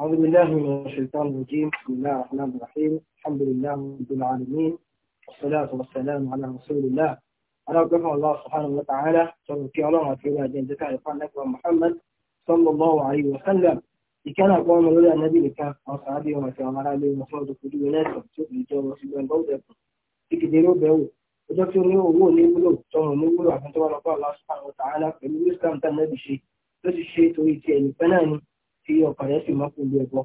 أعوذ بالله من الشيطان الرجيم بسم الله الرحمن الرحيم الحمد لله رب العالمين والصلاة والسلام على رسول الله أنا أقول الله سبحانه وتعالى تركي الله في وجهك يقال محمد صلى الله عليه وسلم كان أقوام لولا النبي لك أصحابي وما كان على عليه مفروض كل ناس تقول جو سبحان بودا تقدروا به ودكتور يو هو اللي يقولوا تو نقولوا عشان الله سبحانه وتعالى في الإسلام تنبشي تشي تريد يعني فناني tí ọkàn rẹ̀ sì máa kó lu ẹ̀bọ.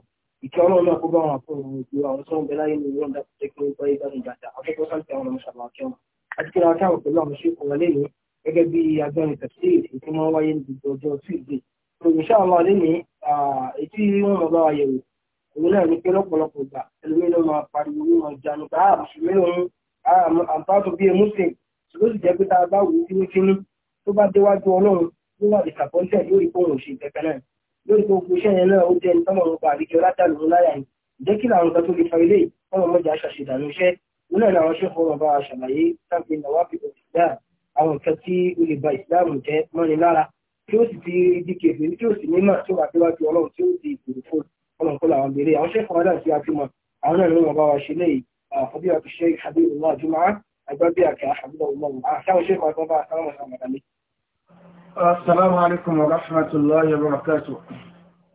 ìkẹ́ ọlọ́run náà kó bá wọn àpò òun ìlú àwọn tó ń bẹ láyé ní ìlú ọ̀dà tó tẹ́kọ̀ nípa ìgbàlódé dàda akẹ́kọ̀ọ́ sáǹtì àwọn ọmọ ṣàlàyé kẹ́wọn. àti kí ara pẹ̀lú àwọn ṣe kò wọlé yìí gẹ́gẹ́ bí agbẹ́rin tẹ̀sí tí wọ́n wáyé ní gbogbo ọjọ́ tíìdé. òrìṣà àwọn alẹ́ ní ètí wọn mọ̀ bá wa yẹ̀wò òun náà ní pé lọ́pọ̀lọpọ̀ gbà ẹlòmíín ló máa pariwo ní wọn jánu bá àmùsùlùmí ah, òun ah, àǹfààtò bíi muslim ṣùgbọ́n sì jẹ́ pé tá lórí gbogbo iṣẹ́ yẹn náà ó jẹ́ ní tọ́mọ̀ nípa àríkẹ́ ọlátàlù ńláyà yìí jẹ́ kí làwọn nǹkan tó lè fa ilé tọ́mọ̀ mọ́jà aṣàṣe ìdànù iṣẹ́ nínú ẹ̀ làwọn ṣẹ́fọ́ ọba aṣàlàyé sáfì nàwáfì òṣìṣẹ́ àwọn nǹkan tí ó lè ba ìsìláàmù jẹ́ mọ́ni lára tí ó sì ti di kèfé tí ó sì ní mà tí ó wà síwájú ọlọ́run tí ó ti ìgbèrè fún ọlọ́run kó làwọn béèrè àwọn ṣẹ́fọ́ ọ̀dà tí a fi mọ̀ àwọn السلام عليكم ورحمة الله وبركاته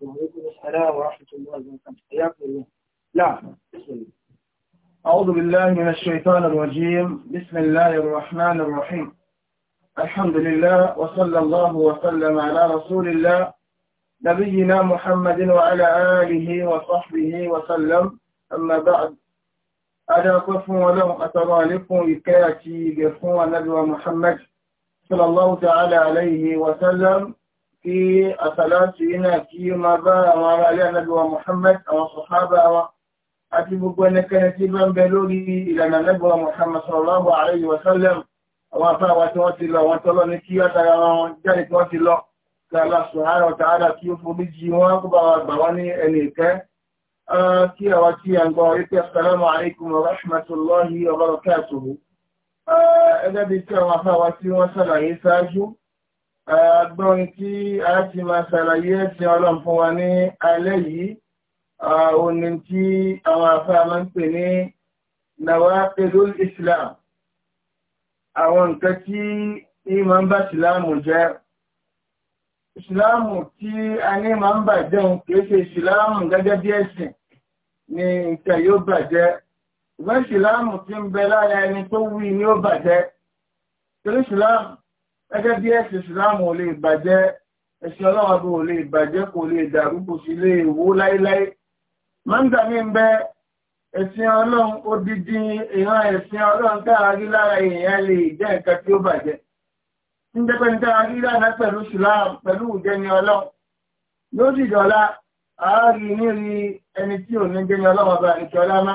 وعليكم السلام ورحمة الله وبركاته حياكم الله لا أعوذ بالله من الشيطان الرجيم بسم الله الرحمن الرحيم الحمد لله وصلى الله وسلم على رسول الله نبينا محمد وعلى آله وصحبه وسلم أما بعد أدعكم ولو أترى لكم إكاتي بإخوة نبي محمد صلى الله تعالى عليه وسلم في الصلاة هنا في مرة وعلى النبي محمد والصحابة àti gbogbo ẹnikẹ́ni tí bá ń bẹ lórí ìlànà lẹ́gbọ̀n Muhammad sallallahu alayhi wa sallam àwọn afáwà tí wọ́n ti lọ wọ́n tọ́lọ ní kí ọ́tara wọn jáde tí wọ́n ti lọ kí Allah subhanahu wa ta'ala kí ó forí jì wọ́n kó bá wa gbà wọ́n ní ẹni ìkẹ́ kí àwọn tí a ń gbọ́ wípé assalamu alaykum wa rahmatullahi wa barakatuhu ẹgbẹ́ bí tí àwọn afáwa tí wọ́n ṣàlàyé ṣáájú agbọ́rin tí a ti máa ṣàlàyé ẹ̀sìn ọlọ́run fún wa ní alẹ́ yìí òní tí àwọn afáwa máa ń pè ní nawaqidul islam àwọn nǹkan tí ìmọ̀ ń bá ìsìláàmù jẹ́ ìsìláàmù tí a ní máa ń bàjẹ́ òun kìí ṣe ìsìláàmù gẹ́gẹ́ bí ẹ̀sìn ni nǹkan yóò bàjẹ́ ìgbẹ́ ìsìláàmù ti ń bẹ lára ẹni tó wí ni ó bàjẹ́ torí ìsìláàmù gẹ́gẹ́ bí ẹ̀sìn ìsìláàmù ò lè bàjẹ́ ẹ̀sìn ọlọ́wọ́ bó lè bàjẹ́ kò lè dàrú kò sí lè wó láíláí mọ́ńdà mi ń bẹ ẹ̀sìn ọlọ́run odidi ìran ẹ̀sìn ọlọ́run káàrí lára èèyàn lè jẹ́ nǹkan tí ó bàjẹ́ ń dẹ́pẹ́ ní káàrí lára pẹ̀lú ìsìláàmù pẹ̀lú ìjẹni ọlọ́run yóò sì ẹni tí ò ní jẹni ọlọ́run ọba àríkẹ́ ọlá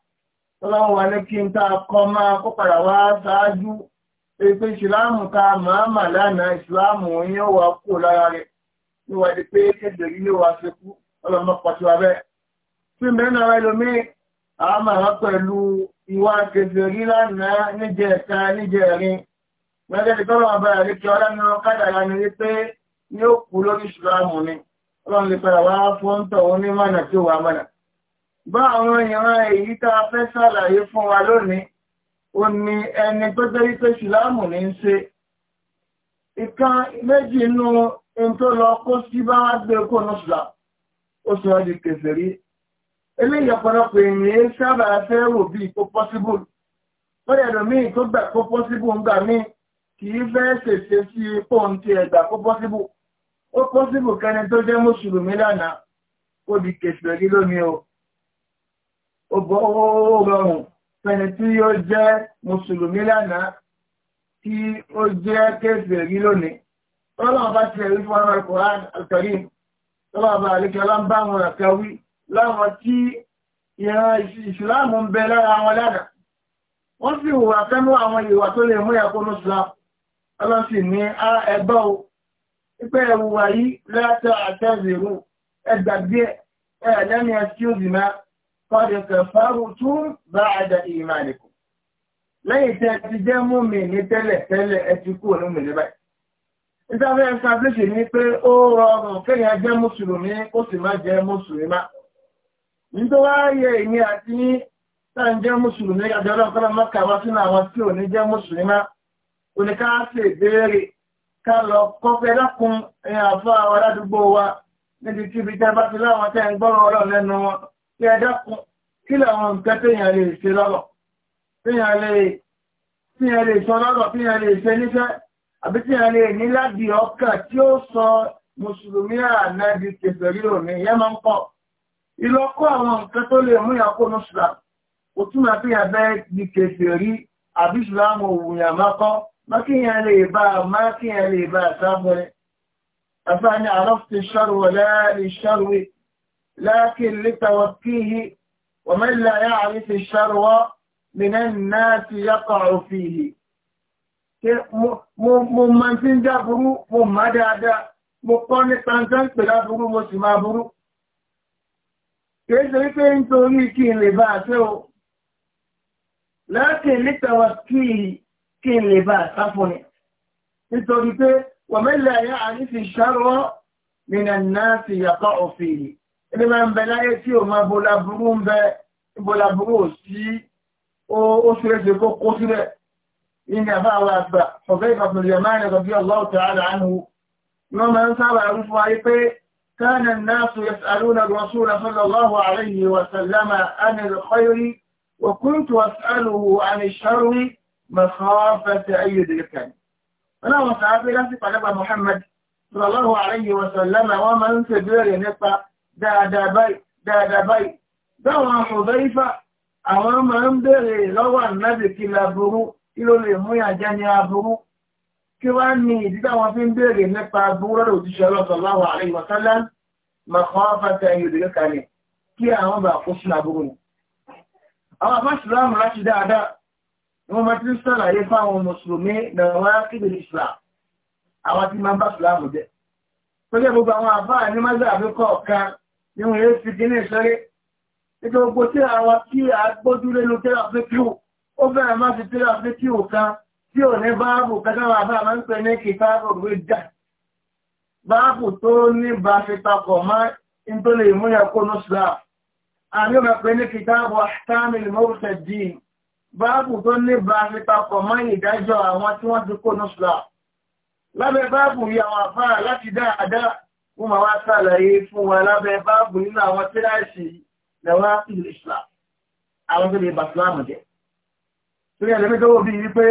tọ́láwọ́ wa ní kí n tá a kọ́ máa kó padà wá ṣáájú pé ìsìláàmù ta màámà lánàá ìsìláàmù yóò wá kó lára rẹ̀ níwájú pé kéde yóò wá ṣe kú ọlọ́mọ pàṣẹ wa bẹ́ẹ̀. tí mẹ́rin ara ẹlòmíì àmà wá pẹ̀lú ìwà kẹfẹ́ rí lánàá níjẹ̀ ẹ̀ka níjẹ̀ ẹ̀rin. mẹ́tẹ́ẹ̀tì tọ́lọ́ wọn bẹ̀rẹ̀ ní kí ọlá ní wọn kádàrá ni wípé yóò kú lórí ìsìláàmù ni ọlọ́run lè padà wá fọ́ńtọ̀ onímọ̀nà tí ó wà mọ̀nà bá àwọn ìran èyí tá a fẹ́ ṣàlàyé fún wa lónìí ó ní ẹni tó jẹ́ wípé ìsìláàmù ní í ṣe ìkan méjì inú ohun tó lọ kó sí bá wá gbé kó nù sùlá ó sọ di kèfèrí eléyìí ọ̀pọ̀lọpọ̀ èèyàn sábà fẹ́ rò bíi kó pọ́síbù ó dẹ̀ lómi tó gbà kó pọ́síbù ń gbà míì kìí fẹ́ ṣèṣe sí ipò ń ti ẹ̀gbà kó pọ́síbù ó pọ́síbù kẹni tó jẹ́ mùsùlùmí lánàá kó di kèfèrí lónìí o ó bọ́ rọrùn fẹ́ni tí ó jẹ́ mùsùlùmí lánàá tí ó jẹ́ kèfèrí lónìí ọlọ́run bá tilẹ̀ wí fún ọmọ Al-Qur'an Al-Karim ọlọ́run bá àlejò ọlọ́mbà wọn àkà wí láwọn tí ìran ìsìláàmù ń bẹ lára wọn lánàá wọ́n sì hùwà fẹ́nu àwọn ìwà tó lè mú ẹ̀kọ́ ní islam ọlọ́run sì ní ẹgbọ́ o pípé ẹ̀wùwà yìí lẹ́tọ̀ àtẹ́zẹ̀rù ẹgbàgbé ẹ̀ ẹ̀ قد كفرتم بعد إيمانكم lẹ́yìn tí ẹ ti jẹ́ mú mi ní tẹ́lẹ̀ tẹ́lẹ̀ ẹ ti kú òní mìíràn báyìí. ìtàwé ẹ̀sàbíṣì ni pé ó rọrùn kéèyàn jẹ́ mùsùlùmí kó sì má jẹ́ mùsùlùmí má. nítorí ààyè èmi àti tá à ń jẹ́ mùsùlùmí àjọ náà má kà sínú àwọn tí ò ní jẹ́ mùsùlùmí má. òní ṣe ìbéèrè ká lọ kọ́fẹ́ lákun ẹ̀yàn àfọ́ àwọn aládùúgbò wa níbi tí tẹ́ bá ti láwọn tẹ́ ń gbọ́rọ̀ ọlọ́run lẹ́nu wọn pé ẹ̀dàkùn kí làwọn nǹkan téèyàn lè ṣe lọ́rọ̀ téèyàn lè sọ lọ́rọ̀ téèyàn lè ṣe níṣẹ́ àbí téèyàn lè ní láti ọkà tí ó sọ mùsùlùmí ànádi kẹfẹ̀rí òní ìyẹn máa ń pọ̀ ìlọ́kọ́ àwọn nǹkan tó lè mú ìyàkó nùsùlá ó túmọ̀ pé yàn bẹ́ẹ̀ di kẹfẹ̀rí àbí ìsìlámù òwúyàn máa kọ́ mákìyàn lè bá mákìyàn lè bá sáfẹ́rẹ́ àfáàní àrọ́fẹ́ ṣọ́rùwẹ̀ lẹ́ẹ̀rí ṣọ́rùwẹ̀ لكن لتوكيه ومن لا يعرف الشروى من الناس يقع فيه mo máa ti ń já burú mo máa dáadáa mo kọ́ ní tàǹtàn pèlá burú mo sì máa burú kìí ṣe wípé nítorí kí n lè bá àṣẹ o láti nítawà kí n lè bá àṣà fún ni nítorí pé wàmẹ́lẹ̀ àyà àrífi ṣàrọ́ nínà náà ti yàtọ̀ òfin yìí ẹni máa ń bẹ láyé tí o máa bọ́lá burú ń bẹ bọ́lá burú ò sí ó ṣúrẹ́ṣe kó kó sílẹ̀ ní àbá àwọn àgbà ọ̀fẹ́ ìfàfihàn mẹ́rin ẹ̀kọ́ bí allah ta'ala anhu wọ́n máa ń sábà rú fún ayé pé كان الناس يسألون الرسول صلى الله عليه وسلم عن الخير وكنت أسأله عن الشر مخافة أي يدركني أنا وصحابي لاسي قلب محمد صلى الله عليه وسلم ومن سبير نفسه dáadáa báyìí dáadáa báyìí dáwọn amọ̀bẹ́ ifá àwọn máa ń béèrè lọ́wọ́ ànábì kí laburú kí ló lè mú ìyàjẹ́ ní aburú kí wá ní ìdí táwọn fi ń béèrè nípa aburú lọ́dọ̀ òjíṣẹ́ sallallahu alaihi wa sallam makhafata ìrìlẹ̀ kalẹ̀ kí àwọn bà kó sí laburú ni. àwọn afásùlámù láti dáadáa ni wọ́n máa ti ń sàlàyé fáwọn mùsùlùmí náà wá kíbìrì islam àwọn tí máa bá sùlámù jẹ́. tó jẹ́ gbogbo àwọn àfáà ní mọ́sàbí kọ̀ọ̀kan ni wọ́n yóò fi gínú ìṣẹ́rẹ́ nígbà gbogbo tí àwọn kí àgbójúlé ló tẹ́lá fíkíù ó bẹ̀rẹ̀ má fi tẹ́lá fíkíù kan tí ò ní báàbù kẹtàwà bá máa ń pè ní kìtàbù rídà báàbù tó ní bá fi papọ̀ má ń tó lè mú yẹ kó nùsùlá àmì ò máa pè ní kìtàbù àtàmì mọ́rùsẹ̀ dìín báàbù tó ní bá fi papọ̀ má ìdájọ́ àwọn tí wọ́n ti kó nùsùlá lábẹ́ báàbù yìí àwọn àfáà láti wọ́n máa wá sàlàyé fún wa lábẹ́ báàbù nínú àwọn tíráìsì lẹ́wọ́n á sì lè ṣà àwọn tó lè bà síláàmù jẹ́. torí ẹ̀lẹ́mí tó wọ́n bí i pé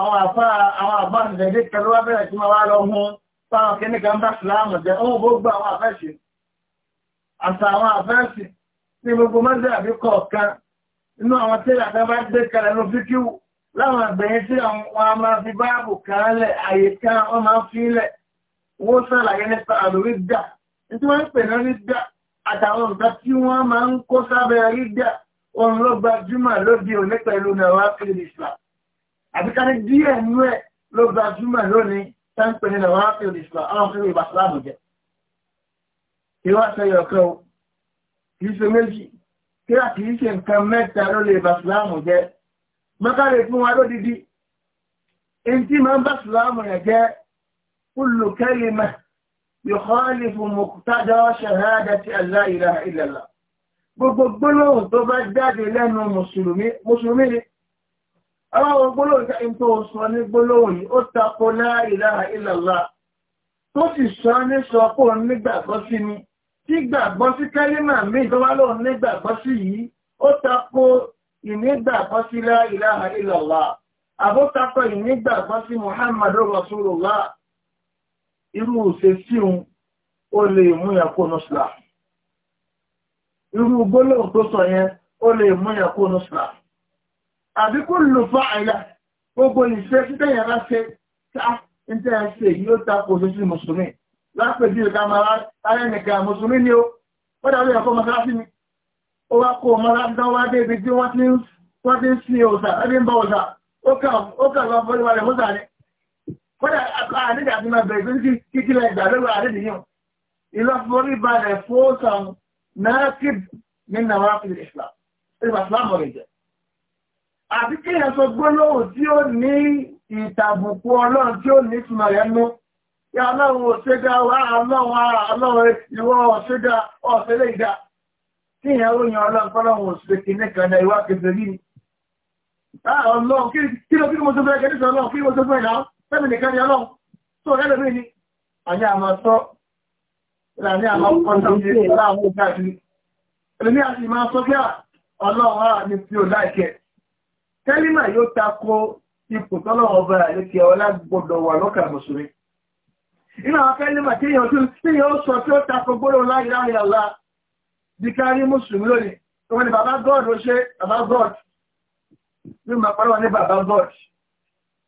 àwọn àfá àwọn àbá ìdẹ̀dẹ̀ kẹlú wá bẹ̀rẹ̀ tí máa wá lọ hun fáwọn kẹ́nìkan bá síláàmù jẹ́ ó wọ́n gbogbo àwọn àfẹ́sì àti àwọn àfẹ́sì ní gbogbo mẹ́sẹ̀ àbí kọ̀ọ̀kan inú àwọn tí àtẹ́ bá gbé kalẹ̀ ló fi kíw láwọn àgbẹ̀yìn tí àwọn máa fi báàbù kan àyè kan wọ́n máa fi lẹ̀ wọ́n sàlàyé nípa àlórí dà tí wọ́n ń pè náà rí dà àtàwọn nǹkan tí wọ́n máa ń kó sábẹ́ rí dà òun ló gbajúmọ̀ lóde òní pẹ̀lú nàwa kiri Islam àbíkárí díẹ̀ nú ẹ̀ ló gbajúmọ̀ lónìí tá ń pè ní nàwa kiri Islam àwọn kiri ìbàsílámù jẹ ìwáṣẹ yọkọ kìí ṣe méjì kí a kìí ṣe nǹkan mẹ́ta ló lè bá sùlámù jẹ́ mọ́kàlè fún wa lódìdí èyí tí máa ń bá sùlámù rẹ̀ jẹ́ كل كلمة يخالف مقتدى شهادة أن لا إله إلا الله gbogbo gbólóhùn tó bá jáde lẹ́nu mùsùlùmí ni aláwọ̀ gbólóhùn tó ń tó sọ ní gbólóhùn yìí ó tako la ilaha illallah tó sì sọ ní sọ pé òun nígbàgbọ́ sí ni tí gbàgbọ́ sí kẹ́límà míì tó wá lóun nígbàgbọ́ sí yìí ó tako ìnígbàgbọ́ sí la irú òṣè sí òun ó lè mú yàn kó nùsùlà irú gbólóhùn tó sọ yẹn ó lè mú yàn kó nùsùlà àbí kó lò fún àyà gbogbo ìṣe tí tẹ̀yìn bá ṣe ká ń tẹ́ ẹ ṣe yóò ta kò sí sí mùsùlùmí lápèjì ìka mara ayé nìkan mùsùlùmí ni ó wọ́n dàbí ẹ̀kọ́ mọ́sáláṣí ni ó wá kó mọ́sáláṣí náà wá tí wọ́n ti ń sin òòsà ẹbí ń bá òòsà ó kà lọ bọ́lú rẹ̀ mọ́sà ni kódà àdéjà ti máa bẹ̀rẹ̀ sí kíkílẹ̀ ìgbàlódé àdéjìyàn ìlọ́forí balẹ̀ fóòsàn náà kí ní nàwọn àfihàn Islam ìgbà Islam rẹ̀ jẹ́ àti kí èèyàn sọ gbólóhùn tí ó ní ìtàbùkù ọlọ́run tí ó ní ìtumọ̀ rẹ̀ nú yà ọlọ́run òṣèdá wà ọlọ́run ara ọlọ́run ìwọ òṣèdá ọ̀ṣẹ́lẹ̀ ìdá kí èèyàn ó yan ọlọ́run fọlọ́run òṣèdá kìíní kan náà ìwà kẹfẹ́ yìí ah, ọlọ́run kí ló kí mo tó fẹ́ kẹ́ Fẹ́mi nìkan ni ọlọ́run tó rẹ́lẹ̀ mí ni, àní àmọ́ sọ, ìlàní àmọ́ kọ́ńtà ní láàmú káàkiri. Ẹlẹ́mí àti máa sọ pé ọlọ́run á ní fi ò láìkẹ́. Kẹ́límà yóò tako ipò tọ́lọ́run ọba àlékè ọlá gbọdọ̀ wà lọ́kà mùsùlùmí. Inú àwọn kẹ́límà tí èèyàn tún tí èèyàn sọ tí ó tako gbọ́dọ̀ láyé láyé ọ̀la bí kárí mùsùlùmí lónìí. Tọ́wọ́n ni bàbá God ó ṣe bàbá God. Bí mo máa pariwo ní bàbá God.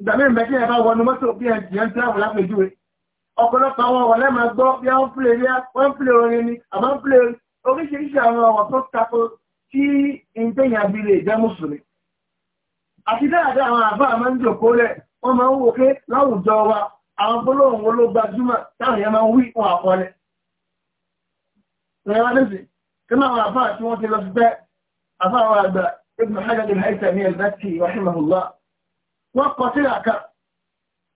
ìgbàmí ìmẹ́kí ẹ̀bá wọnú mọ́tò bí ẹ̀ jẹ́ ń tẹ́wọ̀ lápẹjúwe ọ̀pọ̀lọpọ̀ àwọn ọ̀wọ̀ lẹ́mà gbọ́ bí wọ́n pìlẹ̀ rí wọ́n pìlẹ̀ orin ni àmọ́ ń pìlẹ̀ oríṣiríṣi àwọn ọ̀wọ̀ tó tako tí ìgbẹ̀yìn abilé jẹ́ mùsùlùmí àti dáadáa àwọn àbá máa ń jòkó lẹ̀ wọ́n máa ń wò pé láwùjọ wa àwọn gbólóhùn wo ló gbajúmọ̀ táwọn yẹn máa ń wí fún àkọọ́lẹ̀ ìrìn wọn lẹ́sìn kí náà àwọn àbá tí wọ́n ti lọ sí bẹ́ẹ̀ àbá àwọn àgbà ibùdó hajj al-haythami al-bakki rahimahullah wọ́n kọ síra kan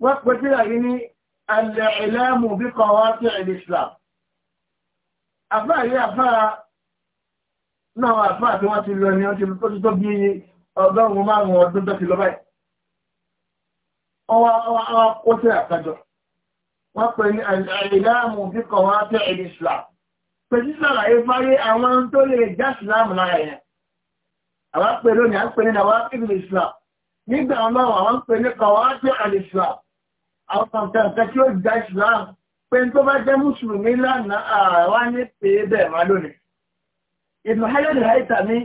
wọ́n pẹ̀ síra yìí ní al-i'lam bi qawati' al-islam àfá yìí àfá náà àfá àti wọ́n ti lọ ní wọ́n ti tó ti tó bí ọgọ́rùn-ún márùn-ún ọdún tó ti lọ báyìí ọwọ́ kó síra kájọ wọ́n pẹ̀ ní al-i'lam bi qawati' al-islam pẹ̀sí sàlàyé fáyé àwọn tó lè já ìsìlámù lára yẹn àwọn pẹ̀lú ni à ń pè ní àwọn ìbìlì nígbà náà àwọn pè ní kọ̀wájẹ́ àlìsà àwọn kọ̀ǹkẹ́ tí ó gba islam pé tó bá jẹ́ mùsùlùmí lánàá àwa ní pé bẹ́ẹ̀ máa lónìí ìbùn hayọ́dì haita ni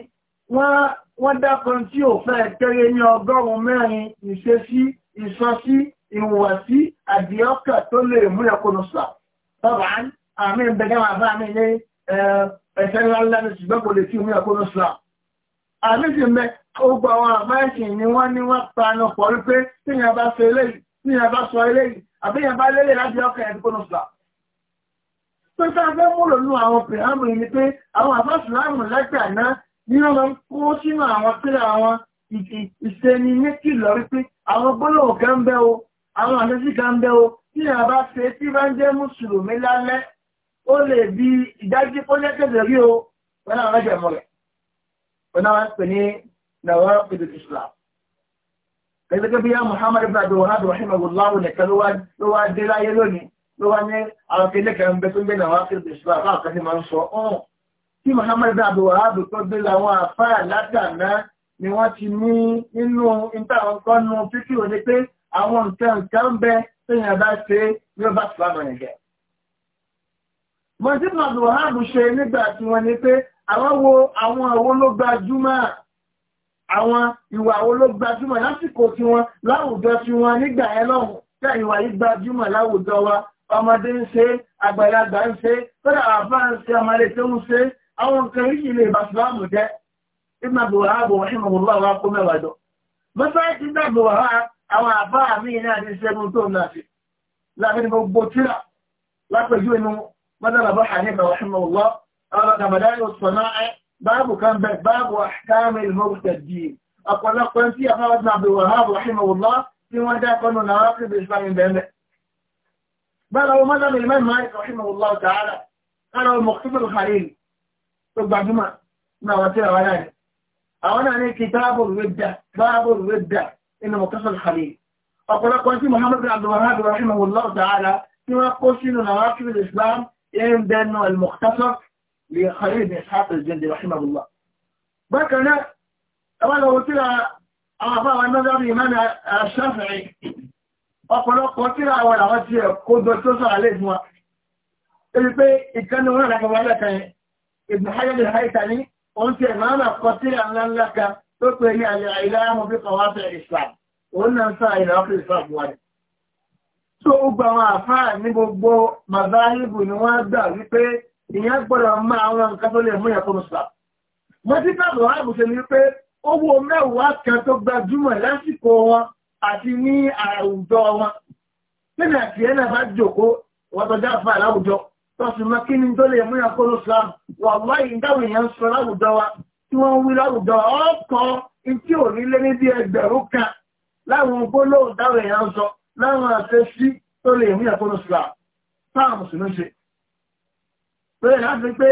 wọ́n dákan tí ò fẹ́ kéré ní ọgọ́rùn-ún mẹ́rin ìṣesí ìsọsí ìhùwàsí àdìọ́kà tó lè mú ẹ̀kọ́nù sà bàbá àmì ìbẹ̀gẹ́ bàbá mi ní ẹ̀ẹ́sẹ̀ ńláńlá ní ṣùgbọ́n kò lè fi mú ẹ̀kọ́nù sà àmì sì mẹ́ Ogbà àwọn àmáìsìn ni wọ́n ní wọ́n panu pọ̀ wípé tíyàn bá fẹ́ eléyìí, tíyàn bá sọ eléyìí, àbíyàn bá lélẹ̀ láti ọkàn ẹ̀dùkú ní ṣùgbà. Tó sáà fẹ́ múlò nú àwọn pìrámù ni pé àwọn àbáṣùlámù lẹ́gbẹ̀ àná ní wọ́n máa ń kó sínú àwọn pílà àwọn ìṣeni méjì lọ wípé àwọn gbólóhùn kan bẹ́ o, àwọn àdéjì kan bẹ́ o, tíyàn bá fẹ́ tí bá ń jẹ́ mùsùlùmí lálẹ́, ó lè di ìdájí pọ́lẹ́kẹ̀dẹ̀ rí o, pẹ̀lú àwọn ẹ̀jẹ̀ mọ́lẹ̀. Pẹ̀lú àwọn ẹ̀pẹ̀ ní nawaqid al-islam gẹ́gẹ́ bí i muhammad ibn abdul wahab rahimahullahu nìkan ló wá dé láyé lónìí ló wá ní àwọn kìíní kan bẹ tó ń gbé nawaqid al-islam láàkàn ní máa ń sọ ọ́n tí muhammad ibn abdul wahab tó dé làwọn àfáà látàná ni wọ́n ti ní nínú ìtàwọn kan nu fífi òní pé àwọn nǹkan kan bẹ tẹ́yìn bá ṣe ní ọba ìsìlámù nìkẹ́. mọ̀tí ibn abdul wahab ṣe nígbà tí wọ́n ní pé àwọn wo àwọn àwọn ló gbajúmọ̀ àwọn ìwà wo ló gbajúmọ̀ lásìkò tí wọn láwùjọ tí wọn nígbà yẹn tẹ́ ìwà yìí gbajúmọ̀ láwùjọ wa ọmọdé ń ṣe àgbàlagbà ń ṣe kódà àbá ń ṣe ọmọdé tó ń ṣe àwọn nǹkan yìí lè bá sùlámù jẹ́ ibn abdulwahab ìmọ̀ wọn bá wa kó mẹ́wàá jọ mọ́sáàtì àwọn àbá mi باب كان باب احكام المرتدين اقول لك انت يا خالد عبد الوهاب رحمه الله في مدى كنا نراقب الاسلام بين بل هو ماذا من الامام مالك رحمه الله تعالى قال هو المختصر الخليل طب بعد ما ما وصل على انا عن كتاب الرده باب الرده انه مختصر الخليل اقول لك انت محمد بن عبد الوهاب رحمه الله تعالى في مدى كنا نراقب الاسلام بين المختصر لخليل بن إسحاق الجندي رحمه الله بكنا أولا قلت لها أعطاها المذهب إيمان الشافعي أقول قلت لها أولا غسي كنت تصل عليه البي كان هنا لك ولك ابن حجر الهيثمي قلت إمام قلت لها أن لك تطلي الإعلام بقواطع الإسلام قلنا نساء إلى آخر الإسلام واحد so gbogbo àwọn àfáà ní gbogbo mazalibu ni wọ́n gbà wípé ìyẹn gbọ́dọ̀ máa àwọn nǹkan tó lè mú ìyàtọ̀ mùsùlá. mọ́tíkà buhari ṣe ní pé owó mẹ́wàá kan tó gbajúmọ̀ lásìkò wọn àti ní àwùjọ wọn. nínú àti ẹ̀ náà bá jòkó wọ́tọ̀já fà láwùjọ tó sì mọ kí ni tó lè mú ìyàtọ̀ mùsùlá wọ́n wáyé ìdáhùn èèyàn sọ láwùjọ wa tí wọ́n wí láwùjọ ọkọ̀ tí ò ní lé ní bí ẹgbẹ̀rún kan láwọn gbólóhùn dáhùn èèyàn sọ láwọn àṣẹ sí tó lè mú ìyàtọ̀ mùsùlá táwọn mùsùlùmí ṣe Bẹ́ẹ̀ ni a ti pé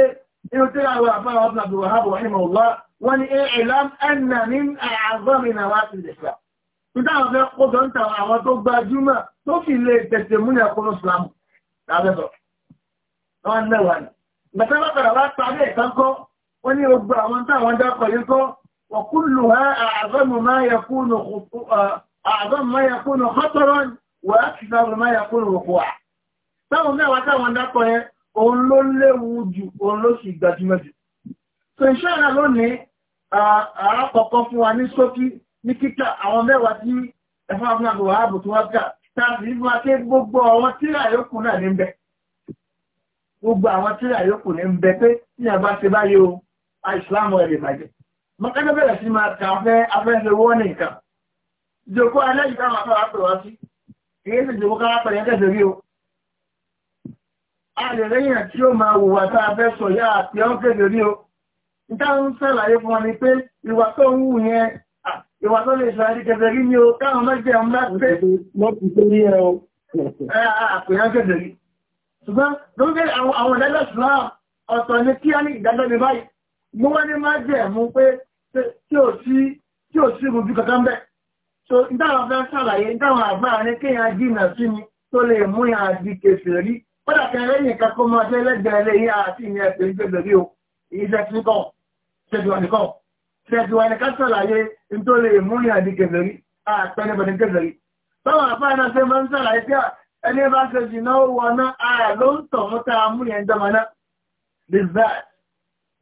inú tí a wà àbára ọ̀pọ̀ àbúrò àbúrò ìmọ̀ ọ̀lá wọ́n ni ìlàm ẹ̀nà ní àgbọ́mìnà wá ti lè ṣà. Títà àwọn fẹ́ kó sọ́n òun ló léwu jù òun ló sì gbajúmọ̀ jù so iṣẹ́ ìrìnà lónìí àápọ̀kọ́ fún wa ní ṣókí ní kíkà àwọn mẹ́wàá tí ẹ̀fọ́ abúlé wàhábù tó wá kà tàbí ìlú aké gbogbo àwọn tíra yòókù náà ní bẹ gbogbo àwọn tíra yòókù ní bẹ pé ní àbá ti báyé o àìsìláàmù ẹ̀rẹ̀ bàjẹ́ mọ́kànlá bẹ̀rẹ̀ sí máa kà fẹ́ afẹ́fẹ́ wọ́n ní nǹkan jòkó alẹ́ yìí káwọn afẹ́ wá pè wá sí èyí àrẹ̀rẹ́yìn tí ó máa wùwà tá a fẹ́ sọ yá àti ọ́kẹ́dẹ̀ rí o níta ń sàlàyé fún ọ ni pé ìwà tó ń wù yẹn ìwà tó lè sọ àrí kẹfẹ́ rí ni o káwọn mẹ́jẹ̀ ń bá pé lọ́pù tó rí ẹ o àpèyàn kẹfẹ́ rí ṣùgbọ́n lórí àwọn ìdájọ́ ṣùgbọ́n ọ̀tọ̀ ni kí á ní ìdájọ́ mi báyìí mo wá ní má jẹ́ mú pé tí ò sí tí ò sí rújú kankan bẹ́ẹ̀ so nítawọn fẹ́ sàlàyé nítawọn àgbà ní kéèyàn jìnnà sí ni tó lè mú yàn àdìkẹfẹ́ rí Kọ́dà kẹrẹ yìí kakọ́ máa jẹ́ lẹ́gbẹ̀ẹ́ lé yá àti ìyẹn ẹ̀pẹ̀ ń gbẹ̀gbẹ̀ bí o, èyí jẹ́ tí kọ́, ṣẹ́jùwà nìkan. Ṣẹ́jùwà ní kásàlàyé tó lè mú ní àdí gẹ̀gẹ̀rí, àpẹẹrẹbẹ̀rẹ̀ gẹ̀gẹ̀rí. Báwọn àfáàná ṣe máa ń sàlàyé tí ẹni bá ṣe jìnà ó wọ ná àà ló ń tọ̀ mú tá a mú yẹn jọmọ ná. Bizarre.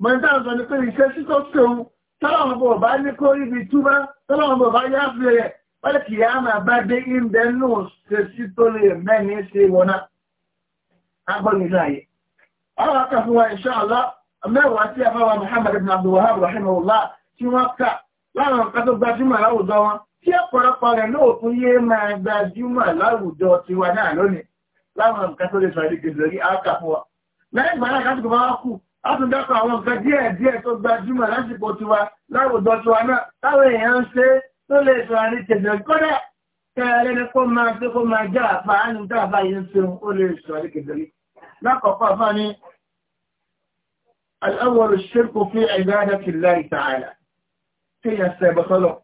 Mọ̀ ní táwọn sọ ni pé ìṣe sísọ ṣeun, tọ́lọ́wọ́n bò bá ní kó ibi túbá, tọ́lọ́wọ́n bò bá yá fi rẹ̀, wọ́n lè kìí àmà bá dé ìbẹ̀ nù ṣe sí tó lè mẹ́ni ṣe wọ́n agbọ́yìn láàyè ọ̀rọ̀ aka fún wa insha Allah mẹ́wàá tí a fáwọn Muhammad ibn Abdul Wahhab rahimahullah tí wọ́n kà láwọn nǹkan tó láwùjọ wọn tí yé máa láwùjọ tiwa náà lónìí láwọn nǹkan lè wa wá a tún dákọ̀ àwọn nǹkan tó lásìkò tiwa láwùjọ náà táwọn èèyàn ń ṣe tó lè kẹrẹ ni kó máa tó kó máa já àfáà lákọ̀ọ́kọ́ àfá ní al'awwal ṣirkù fi ibadati Allahi ta'ala tí yà sẹ́bọ̀ sọ́lọ̀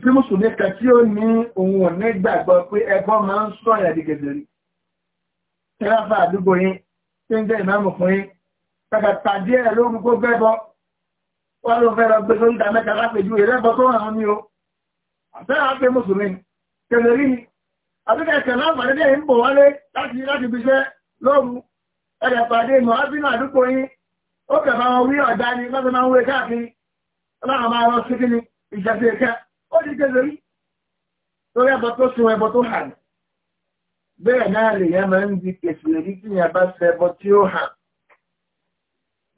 tí mùsùlùmí kan tí ó ní ohun ọ̀nà gbàgbọ́ pé ẹbọ máa ń sọ ìyàdì gẹ̀gẹ̀rí tẹ́láfà àdúgbò yín tí ń jẹ́ ìmáàmù fún yín kàkà tàbí ẹ̀ lórí gbogbo gbẹ́bọ wọ́n ló fẹ́ lọ gbé sórí ìdá mẹ́ta lápẹjú ìrẹ́bọ tó hàn ní o àtẹ́rà pé mùsùlùmí gẹ̀gẹ̀rí ni àbíkẹ̀kẹ̀ láǹfààní dẹ̀ ń bọ̀ wálé láti láti fi ṣẹ́ lóru ẹ̀rẹ̀ pàdé mọ̀hábínú àdúgbò yín ó kẹfà wọn wí ọ̀dá ni lọ́sẹ̀ máa ń wé káàkiri ọlọ́run máa rọ síkí ni ìjẹsẹ̀ ẹ̀kẹ́ ó ti jẹ́ lórí torí ẹbọ tó sun ẹbọ tó hàn bẹ́ẹ̀ náà lè yẹn máa ń di yẹn bá ẹbọ tí ó hàn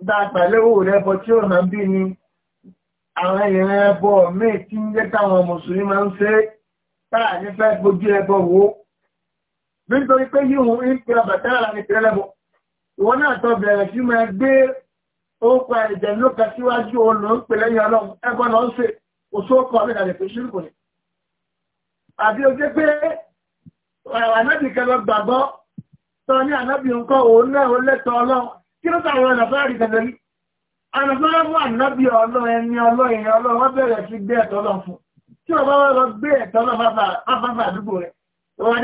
dá òwò ẹbọ tí ó hàn bí ni àwọn ẹbọ tí ń jẹ́ nítorí pé yíhun ń pe ọbàtà ara ní tẹ́lẹ̀bọ̀ ìwọ náà tọ́ bẹ̀rẹ̀ sí máa gbé orúkọ ẹ̀jẹ̀ ló ka síwájú olùrò ń pè lẹ́yìn ọlọ́run ẹgbọ́n náà ń ṣe oṣù ọkọ ọ̀rẹ́dà lè fi ṣírùkù ni. àbí ojú pé ànábì kẹlọ gbàgbọ́ tọ́ ní ànábì ńkọ́ òun náà ó lẹ́tọ̀ ọlọ́run kí ló sàrọ̀ ànàfẹ́rẹ́ rí tẹ̀lé rí ànàfẹ́rẹ́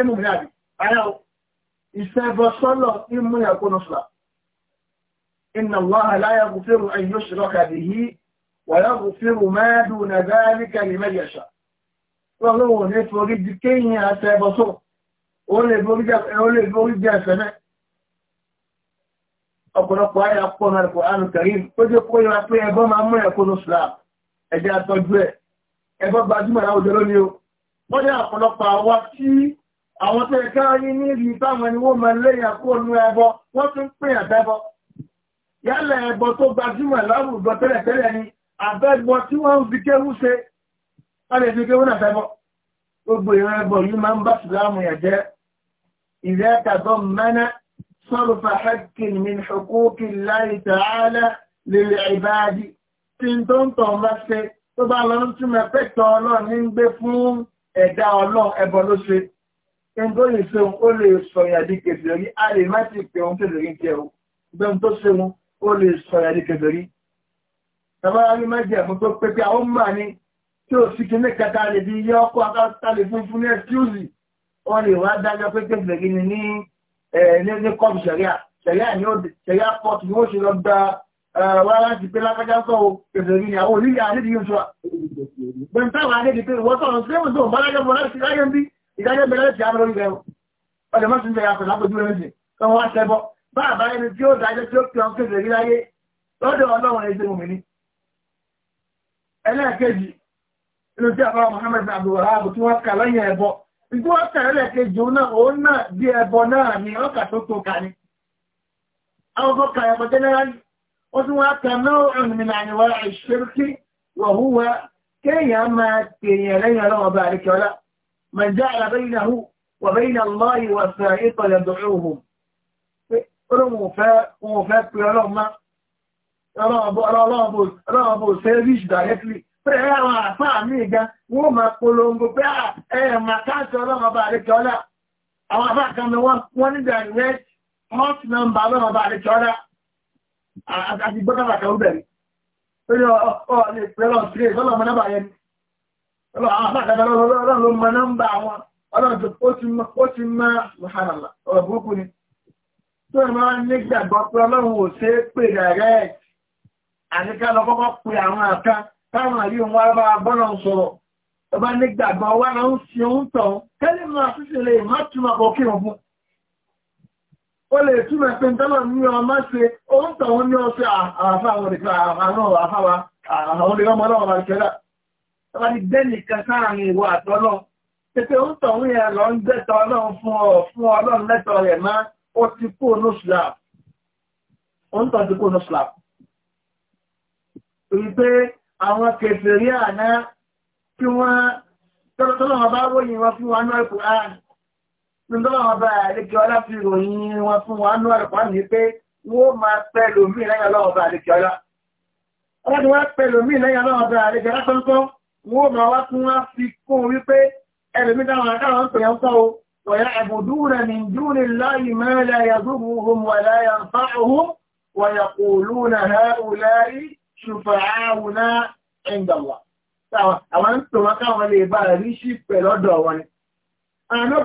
mú ànábì ayá ìṣẹ́bọ̀ sọ́lọ̀ ní mú ẹ̀kọ́nà sọ́lá inna Allaha la yaghfiru an yushraka bihi wa yaghfiru ma duna dhalika liman yasha lọ́lọ́wọ́ ní forí di kéyìn àtẹ́bọ̀ sọ́ ó lè borí jẹ́ ẹ̀sẹ̀ mẹ́ ọ̀pọ̀lọpọ̀ ayà pọ̀ náà kò ánù àwọn tó ẹ̀ká ayé ní ìrì táwọn ẹni wọ́n máa lẹ́yìn àkó ònú ẹbọ wọ́n tún pín àtẹ́bọ yálẹ̀ ẹbọ tó gbajúmọ̀ láwùjọ tẹ́lẹ̀tẹ́lẹ̀ ni àbẹ́gbọ tí wọ́n ń fi kéwú ṣe wọ́n lè fi kéwú náà tẹ́bọ gbogbo ìran ẹbọ yìí máa ń bá sùlámù yẹn jẹ́ ìrẹ́ tàbọ̀ mẹ́nà sọ̀rọ̀ fàákìn min huquqi Allahi ta'ala lil ibadi tí n tó ń tọ̀ ń bá ṣe tó bá lọ ń túmọ̀ pẹ́tọ̀ ọlọ́run ń gbé fún ẹ̀dá ọlọ́run ẹbọ ló ṣe ẹn tó lè ṣe òun ó lè sọ̀yà di kẹfẹ́ rí a lè má ti pè òun kẹfẹ́ rí jẹ́ o gbẹ́n tó ṣe òun ó lè sọ̀yà di kẹfẹ́ rí tàbára rí má jẹ́ fún tó pé àwọn mà ní tí ò sí kíní kata lè di iye ọkọ̀ akáta lè fún fún ní ẹ́síùsì wọ́n lè wá dájọ́ pé kẹfẹ́ rí ni ní ní kọ́ọ̀bù sẹ̀ríà sẹ̀ríà ni ó sẹ̀ríà port ni ó ṣe lọ gba wá láti pé lápájá sọ o kẹfẹ́ rí ni àwọn oníyà nídìí ìdájọ́ bẹ̀rẹ̀ ti àmọ́ lórí bẹ̀rù ọdẹ mọ́sí ń bẹ̀rẹ̀ àpẹẹrẹ àpẹẹrẹ méjì kan wá sẹ́bọ̀ bá àbá ẹni tí ó dájọ́ tí ó pè ọ́ kéde rí láyé lọ́dọ̀ ọlọ́run ẹgbẹ́ mu mìíní. ẹlẹ́ẹ̀kejì inú tí àbá Muhammad Abdulwahab tí wọ́n kà lọ́yìn ẹ̀bọ ìgbó wọn kà ẹlẹ́ẹ̀kejì òun náà bí ẹ̀bọ náà ni ọkà tó tó ka ni. àwọn kà ẹ̀bọ jẹ́nẹ́rálì ó tún wá kà náà ọ̀nà من جعل بينه وبين الله وسائط يدعوهم رموا فاء وفاء رغم رغبوا سيريش دايركتلي pé àwọn àfáà ní ìgá wọ́n máa polongo pé ẹ̀ẹ̀mà káàkiri ọlọ́mọba àríkọ́lá àwọn àfáà kan ni wọ́n ní direct hot number ọlọ́mọba àríkọ́lá àti gbọ́dọ̀ bàkà ó bẹ̀rẹ̀ Ọlọ́run ló mọ nọ́mbà wọn. Ọlọ́run tó ó ti mọ ó ti mọ Mùhàrànlá ọ̀rọ̀ burúkú ni. Tó ẹ̀ máa nígbàgbọ́ pé Ọlọ́run ò ṣe é pè direct. Àníká lọ kọ́kọ́ pe àwọn àká táwọn àrí òun wá bá bọ́lọ̀ ń sọ̀rọ̀. Ọba nígbàgbọ́ wá lọ ń fi òun tọ̀ kẹ́lí máa ṣíṣe lè má túmọ̀ kọ kí òun fún. Ó lè túmọ̀ pé ntọ́lọ̀ ní ọ má ṣe òun tọ̀ òun ní ọ sí àfáwọn olùkọ́ àwọn àfáwa àwọn olùkọ́ ọmọ ọlọ́run àti kẹ́lá tọ́wọ́ ti gbé nìkan sáàrin ìwọ àtọ́lọ́ tètè ń tọ̀ ń yẹn lọ ń gbẹ́tọ̀ ọlọ́run fún ọ fún ọlọ́run lẹ́tọ̀ rẹ̀ má ó ti kú ní slap ó ń tọ́ ti kú ní slap. èyí pé àwọn kèfèrí àná kí wọ́n tọ́lọ́tọ́lọ́ wọn bá ròyìn wọn fún wa ní ọ̀pọ̀ àná nítorí wọn bá àlejò ọlá fi ròyìn wọn fún wa ní ọ̀pọ̀ àná pé wọ́n máa pẹ́ lómi lẹ́yìn ọlọ́run bá àlejò ọlá. ọlọ́run wá pẹ́ lómi lẹ́yìn ọlọ́run bá àlejò ọlá tọ́ńtọ́ wọ́n mọ̀ wá tún wá fi kún wípé ẹlòmí táwọn akáwọn pè ń sọ́wọ́ wọ̀yá ẹ̀bùdúrẹ̀ ní dúró láyé mẹ́lẹ̀ yàgbùgbù ohun wà láyé àǹfà ohun wọ̀yà kò lónà ẹ̀ òlárí ṣùfà áwùná ẹ̀ǹdàwà. Àwọn ń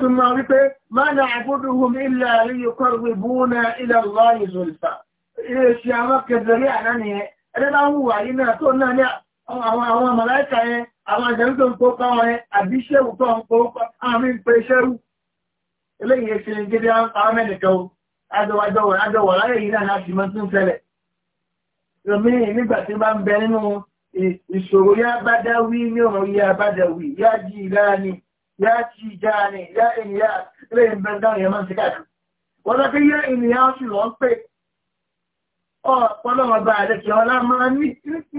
tò máa wípé máa na àbúdú ohun ilẹ̀ rí ikọ́ ìbúna ilẹ̀ lọ́yìn zòlìfà. Ilé iṣẹ́ àwọn kẹfẹ́rí àná nìyẹn. Ẹdẹ́ bá ń wù wáyé náà tó náà ní àwọn màláìkà yẹn àwọn àjẹ́rú tó ń kó kọ́ wọn yẹn àbí ṣẹ́wù tó ń kó kọ́ àmì pé ṣẹ́wù eléyìí ṣe ń gẹ́gẹ́ àwọn mẹ́nìkan o àjọwọ̀ láyé yìí náà láti mọ́ tún fẹ́lẹ̀ lómi nígbà tí bá ń bẹ nínú ìṣòro yá bá dá wí ní ọ̀rọ̀ yá bá dá wí yá jí ìlara ni yá jí ìjára ni yá ọ̀pọ̀lọ́wọ́ bá àdẹ́kẹ̀ ọlá máa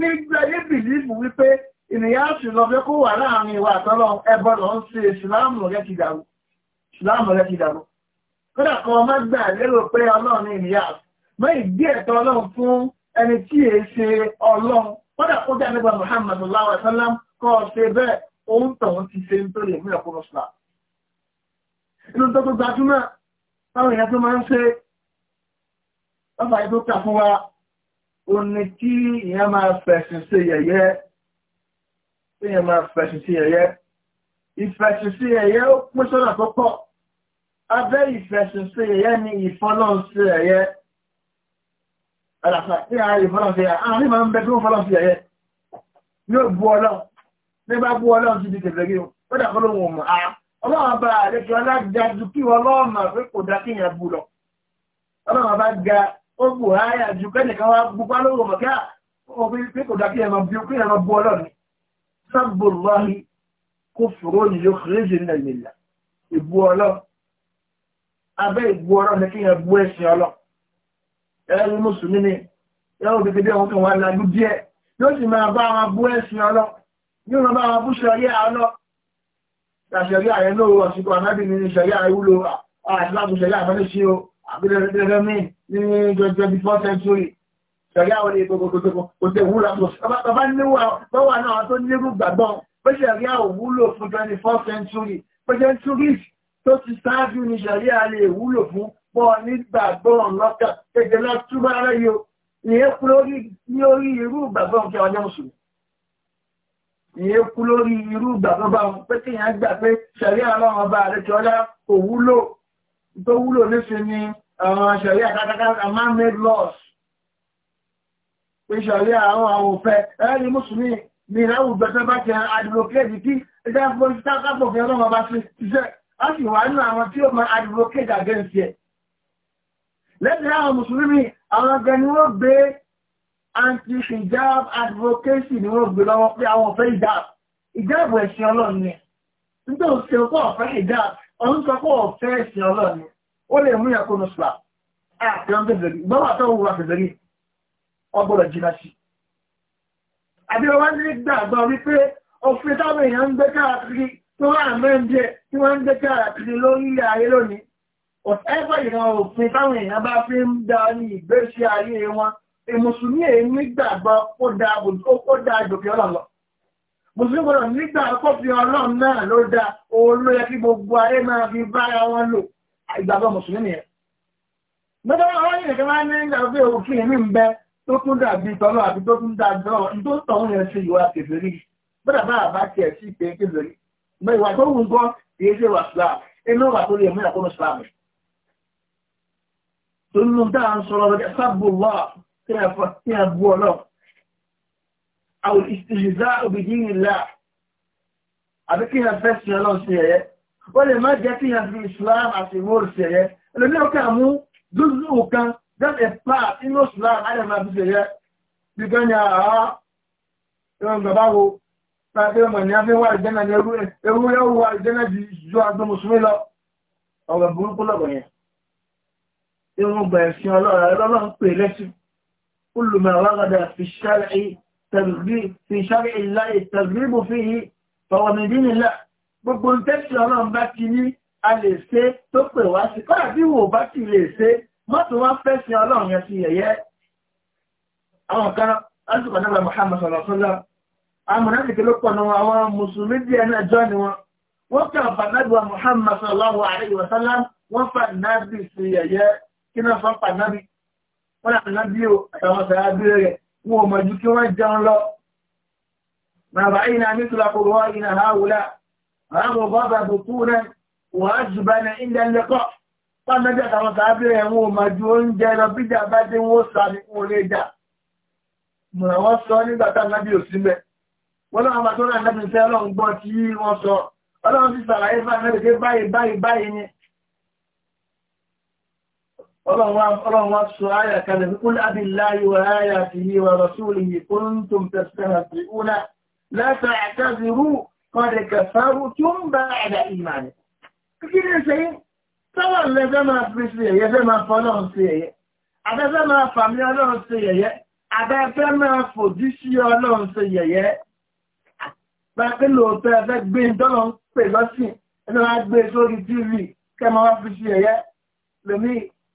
nígbà ní bìlífù wípé ènìyàn sì lọ fẹ́ kó wà láàrin ìwà àtọ́lọ́ ẹbọ lọ ń ṣe ìsìláàmù rẹ̀ ti dàrú kódà kan ọmọ gbà lérò pé ọlọ́run ní ènìyàn mẹ́yìn bí ẹ̀tọ́ ọlọ́run fún ẹni tí èé ṣe ọlọ́run kódà kó jẹ́ nípa Muhammadu láwọ̀ ẹ̀sánlám kọ́ ṣe bẹ́ẹ̀ òun tọ̀hún ti ṣe ń tó lè mú ẹ̀kọ́ lọ́sùlá inú tó tó gbajúmọ̀ táwọn èèyàn tó máa ń ṣe Ọba ìlú kà fún wa, ó ní kí ìyẹn máa fẹ̀sìn sí yẹ̀yẹ́. Ìyẹn máa fẹ̀sìn sí yẹ̀yẹ́. Ìfẹ̀sìn sí yẹ̀yẹ́ ó pín sọ́nà tó pọ̀. Abẹ́ ìfẹ̀sìn sí yẹ̀yẹ́ ni ìfọ́lọ́n sí yẹ̀yẹ́. Àlàfà ní àárín ìfọ́lọ́n sí yẹ̀yẹ́. Àwọn ìmọ̀ ń bẹ tó ń fọ́lọ́n sí yẹ̀yẹ́. Yóò bú ọlọ́run. Ní bá bú ọlọ́run ti di kẹfẹ́gí o. Ó dà kọ́ lóhun ọmọ àá ah, ọlọ́run bá àlejò alájájú kí wọ́n pé kò dá kíyàn bú lọ ọlọ́run bá ga ó bù áyà ju kẹ́nìkan wá gbupá lóòrò mọ̀ kíá obìnrin pé kò dákí ẹ̀mọ̀ bí kí ẹ̀mọ̀ bú ọlọ́run sábò kó fòró ni yóò kéré ní ìlà ìbú ọlọ́run abẹ́ ìbú ọlọ́run ni kí ẹ̀ bú ẹ̀sìn ọlọ́run ẹ̀rù mùsùlùmí ni yóò gbẹgbẹ bí àwọn kan wà lágbú díẹ̀ yóò sì máa bá wọn bú ẹ̀sìn ọlọ́run yóò máa bá wọn bú ṣẹ̀ríà ọlọ́run ṣàṣẹ̀ríà yẹn lóòrò ọ̀sìnkú ànábì ní ṣẹ̀ríà ìwúlò àti láti ṣẹ̀ríà àfẹ́ àbílẹ̀rẹ̀mí ní jọjọ bí fọ́ sẹ́ńtúrì ṣẹ̀rí àwọn ilé gbogbogbò kò tẹ wúra tó bàbá níwà bọ́wà náà tó nírú gbàgbọ́n pé ṣẹ̀rí àwọn wúlò fún 24th century pé century tó ti sáájú ní ṣẹ̀rí àlè wúlò fún pọ̀ nígbàgbọ́n lọ́kà tẹ̀jẹ̀ lọ túbọ̀ ara yóò ìyẹn kú lórí irú gbàgbọ́n kí ọjọ́ mùsùlùmí ìyẹn kú lórí irú gbàgbọ́n bá wọn pé kí tó wúlò níṣe ni àwọn ṣẹ̀rí àkàkàkà man-made laws pé ṣẹ̀rí àwọn àwọn òfẹ́ ẹni mùsùlùmí ni láwùjọ tó bá ti advocate kí ẹjá fọ́nṣítàkàpọ̀fẹ́ ọlọ́mọba sí iṣẹ́ a sì wà nínú àwọn tí ó máa advocate against ẹ̀ lẹ́gbẹ̀ẹ́ àwọn mùsùlùmí àwọn ọgbẹ́ ni wọ́n anti-hijab advocacy ni wọ́n gbé lọ́wọ́ pé àwọn ọ̀fẹ́ hijab hijab ẹ̀sìn ọlọ́run ni nítorí òṣèlú ọ̀fẹ́ hijab ọ̀n sọ pé ọ̀fẹ́ ẹ̀sìn ọlọ́ni ó lè mú ẹ̀kọ́ ní ṣùlá àti ọ̀n bẹ̀rẹ̀ gbọ́n wà tó wúra fẹ̀bẹ̀rẹ̀ ọgbọ́dọ̀ jìnà sí àbíọwá ní gbàgbọ́ wípé òfin táwọn èèyàn ń gbé káàkiri tó wà mẹ́ǹdíẹ̀ tí wọ́n ń gbé káàkiri lórílẹ̀ ayé lónìí ọ̀tẹ́fà ìran òfin táwọn èèyàn bá fi ń darí ìgbésí ayé wọn èmùsùlùmí èyí nígbàgbọ́ ó dáa jòkè ọlọ́lọ́ mùsùlùmí gbọ́dọ̀ nígbà kọ́fí ọlọ́run náà ló dá òun ló yẹ kí gbogbo ayé máa fi bára wọn lò ìgbàgbọ́ mùsùlùmí nìyẹn mẹ́tọ́lá àwọn ènìyàn kan máa ń ní ìgbàgbé òfin èmi ń bẹ tó tún dàbí tọ́lọ́ àti tó tún dàjọ́ tó tọ̀hún yẹn sí ìwà kèfèrí bọ́dà bá àbá tiẹ̀ sí pé kèfèrí mọ ìwà tó wù gan kìí ṣe wà sílá inú wà tó lè mú ìyàkó sílá mi tó nínú dáa ń sọ̀rọ̀ lọ́jọ́ sábò wà kí ẹ bu ọlọ́run àwọn ìsìnzá òbìdí ìlà àbí kí yàn fẹ́ sí ọlọ́run sí ẹ̀yẹ wọ́n lè má jẹ́ kí yàn fi Islam àti ìmúrù sí ẹ̀yẹ ẹlòmí ọkà mú dúdú kan just a part inú Islam àdè máa fi ṣẹ̀yẹ gbígbẹ́ ni àá ìwọ̀n bàbá wo tàbí ọmọ ní afẹ́ wà ìjẹ́nà ní ewu yóò wà ìjẹ́nà ju ju àgbọn mùsùlùmí lọ ọ̀rọ̀ burúkú lọ́gbọ̀ ìwọ̀n gbà ẹ̀sìn ọlọ́run pè lẹ́sìn الترغيب في شرع الله الترغيب فيه فهو من دين الله gbogbo tẹ́sí ọlọ́run bá ti ní a lè ṣe tó pè wá sí kọ́lá bí wò bá ti lè ṣe mọ́tò wá fẹ́sí ọlọ́run yẹn sí ẹ̀yẹ́ àwọn kan lásìkò náà Muhammad sọ̀rọ̀sọ́lá amúnáfíkì ló pọ̀ náà àwọn mùsùlùmí díẹ̀ náà jọ ni wọn wọ́n kà fànàbíwá Muhammad sọ̀rọ̀láwọ̀ àrẹ́yìn wọ̀sálá wọ́n fànàbí sí wọn mọ̀ ju kí wọ́n jẹun lọ bàbá iná mísìlá kòrò wá iná háwùlá àwọn bàbá tó túnà wọ́n á jù bá ní ilẹ̀ lẹ́kọ́ pàmẹ́jà àwọn sàábìrẹ̀ wọn mọ̀ ju oúnjẹ lọ bíjà bá dé wọ́n sá ní wọn lè jà wọ́n sọ nígbà tá nábì ò sí mẹ́ wọ́n lọ́wọ́ ọlọ́run wá sọ ayà kalẹ̀ kúl abillahi wa ayatihi wa rasulihi kuntum tastahzi'una la ta'taziru qad kafartum ba'da imanikum kí ni ṣe yí tọ́wọ́ lẹ́fẹ́ máa fi sí ẹ̀yẹ fẹ́ máa fọ́ ọlọ́run sí ẹ̀yẹ abẹ́fẹ́ máa fàmí ọlọ́run sí ẹ̀yẹ abẹ́fẹ́ máa fòjú sí ọlọ́run sí ẹ̀yẹ pàápẹ́ lóòótọ́ ẹ̀fẹ́ gbé ń pè lọ́sìn ẹ̀fẹ́ máa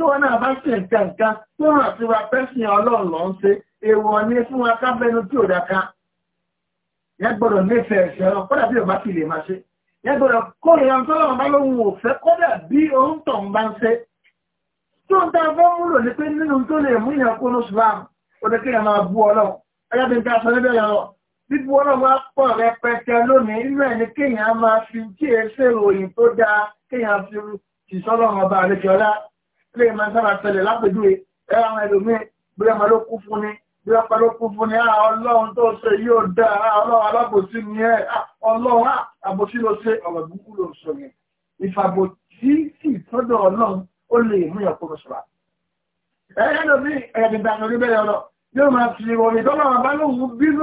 tí wọ́n náà bá ṣe nǹkan nǹkan tó hàn sí wa pẹ́sìn ọlọ́run lọ ń ṣe èèwọ̀ ni fún wa kábẹ́nu tí ò dáka yẹn gbọ́dọ̀ nífẹ̀ẹ́ ẹ̀ṣẹ̀ ọ̀rọ̀ kódà bí ọba ti lè máa ṣe yẹn gbọ́dọ̀ kórìíra tó lọ́wọ́ bá lóhun ò fẹ́ kódà bí ohun tó ń bá ń ṣe tó ń ta fọ́ múlò ní pé nínú tó lè mú ìyàn kó lóṣù bá ó ní kéèyàn máa bú ọlọ́run ẹgbẹ́ bí nǹkan aṣọ níbẹ̀ lọ bíbu ọlọ́run wá pọ̀ rẹpẹtẹ lónìí inú ẹ̀ ní kéèyàn máa fi kí èsè ròyìn tó dáa kéèyàn fi tìṣọ́lọ́run ọba àlejò ọlá lè máa sábà tẹ̀lẹ̀ lápèjúwe ẹ̀rọ àwọn ẹlòmíì bí ọmọ ló kú fún ni bí ọmọ ló kú fún ni á ah, ọlọ́run tó ṣe yóò dá ah, ọlọ́run alábòsí ni ẹ ah, ọlọ́run àbòsí ló ṣe ọ̀rọ̀ burúkú ló sọ yẹn ìfàbòsí sì tọ́jọ́ ọlọ́run ó lè mú ìyàpọ̀ sọ̀rọ̀ ẹlòmíì ẹ̀ẹ́dẹ̀dà lórí bẹ́ẹ̀ ọ̀rọ̀ yóò máa fi ìròyìn tó máa bá lóhun bínú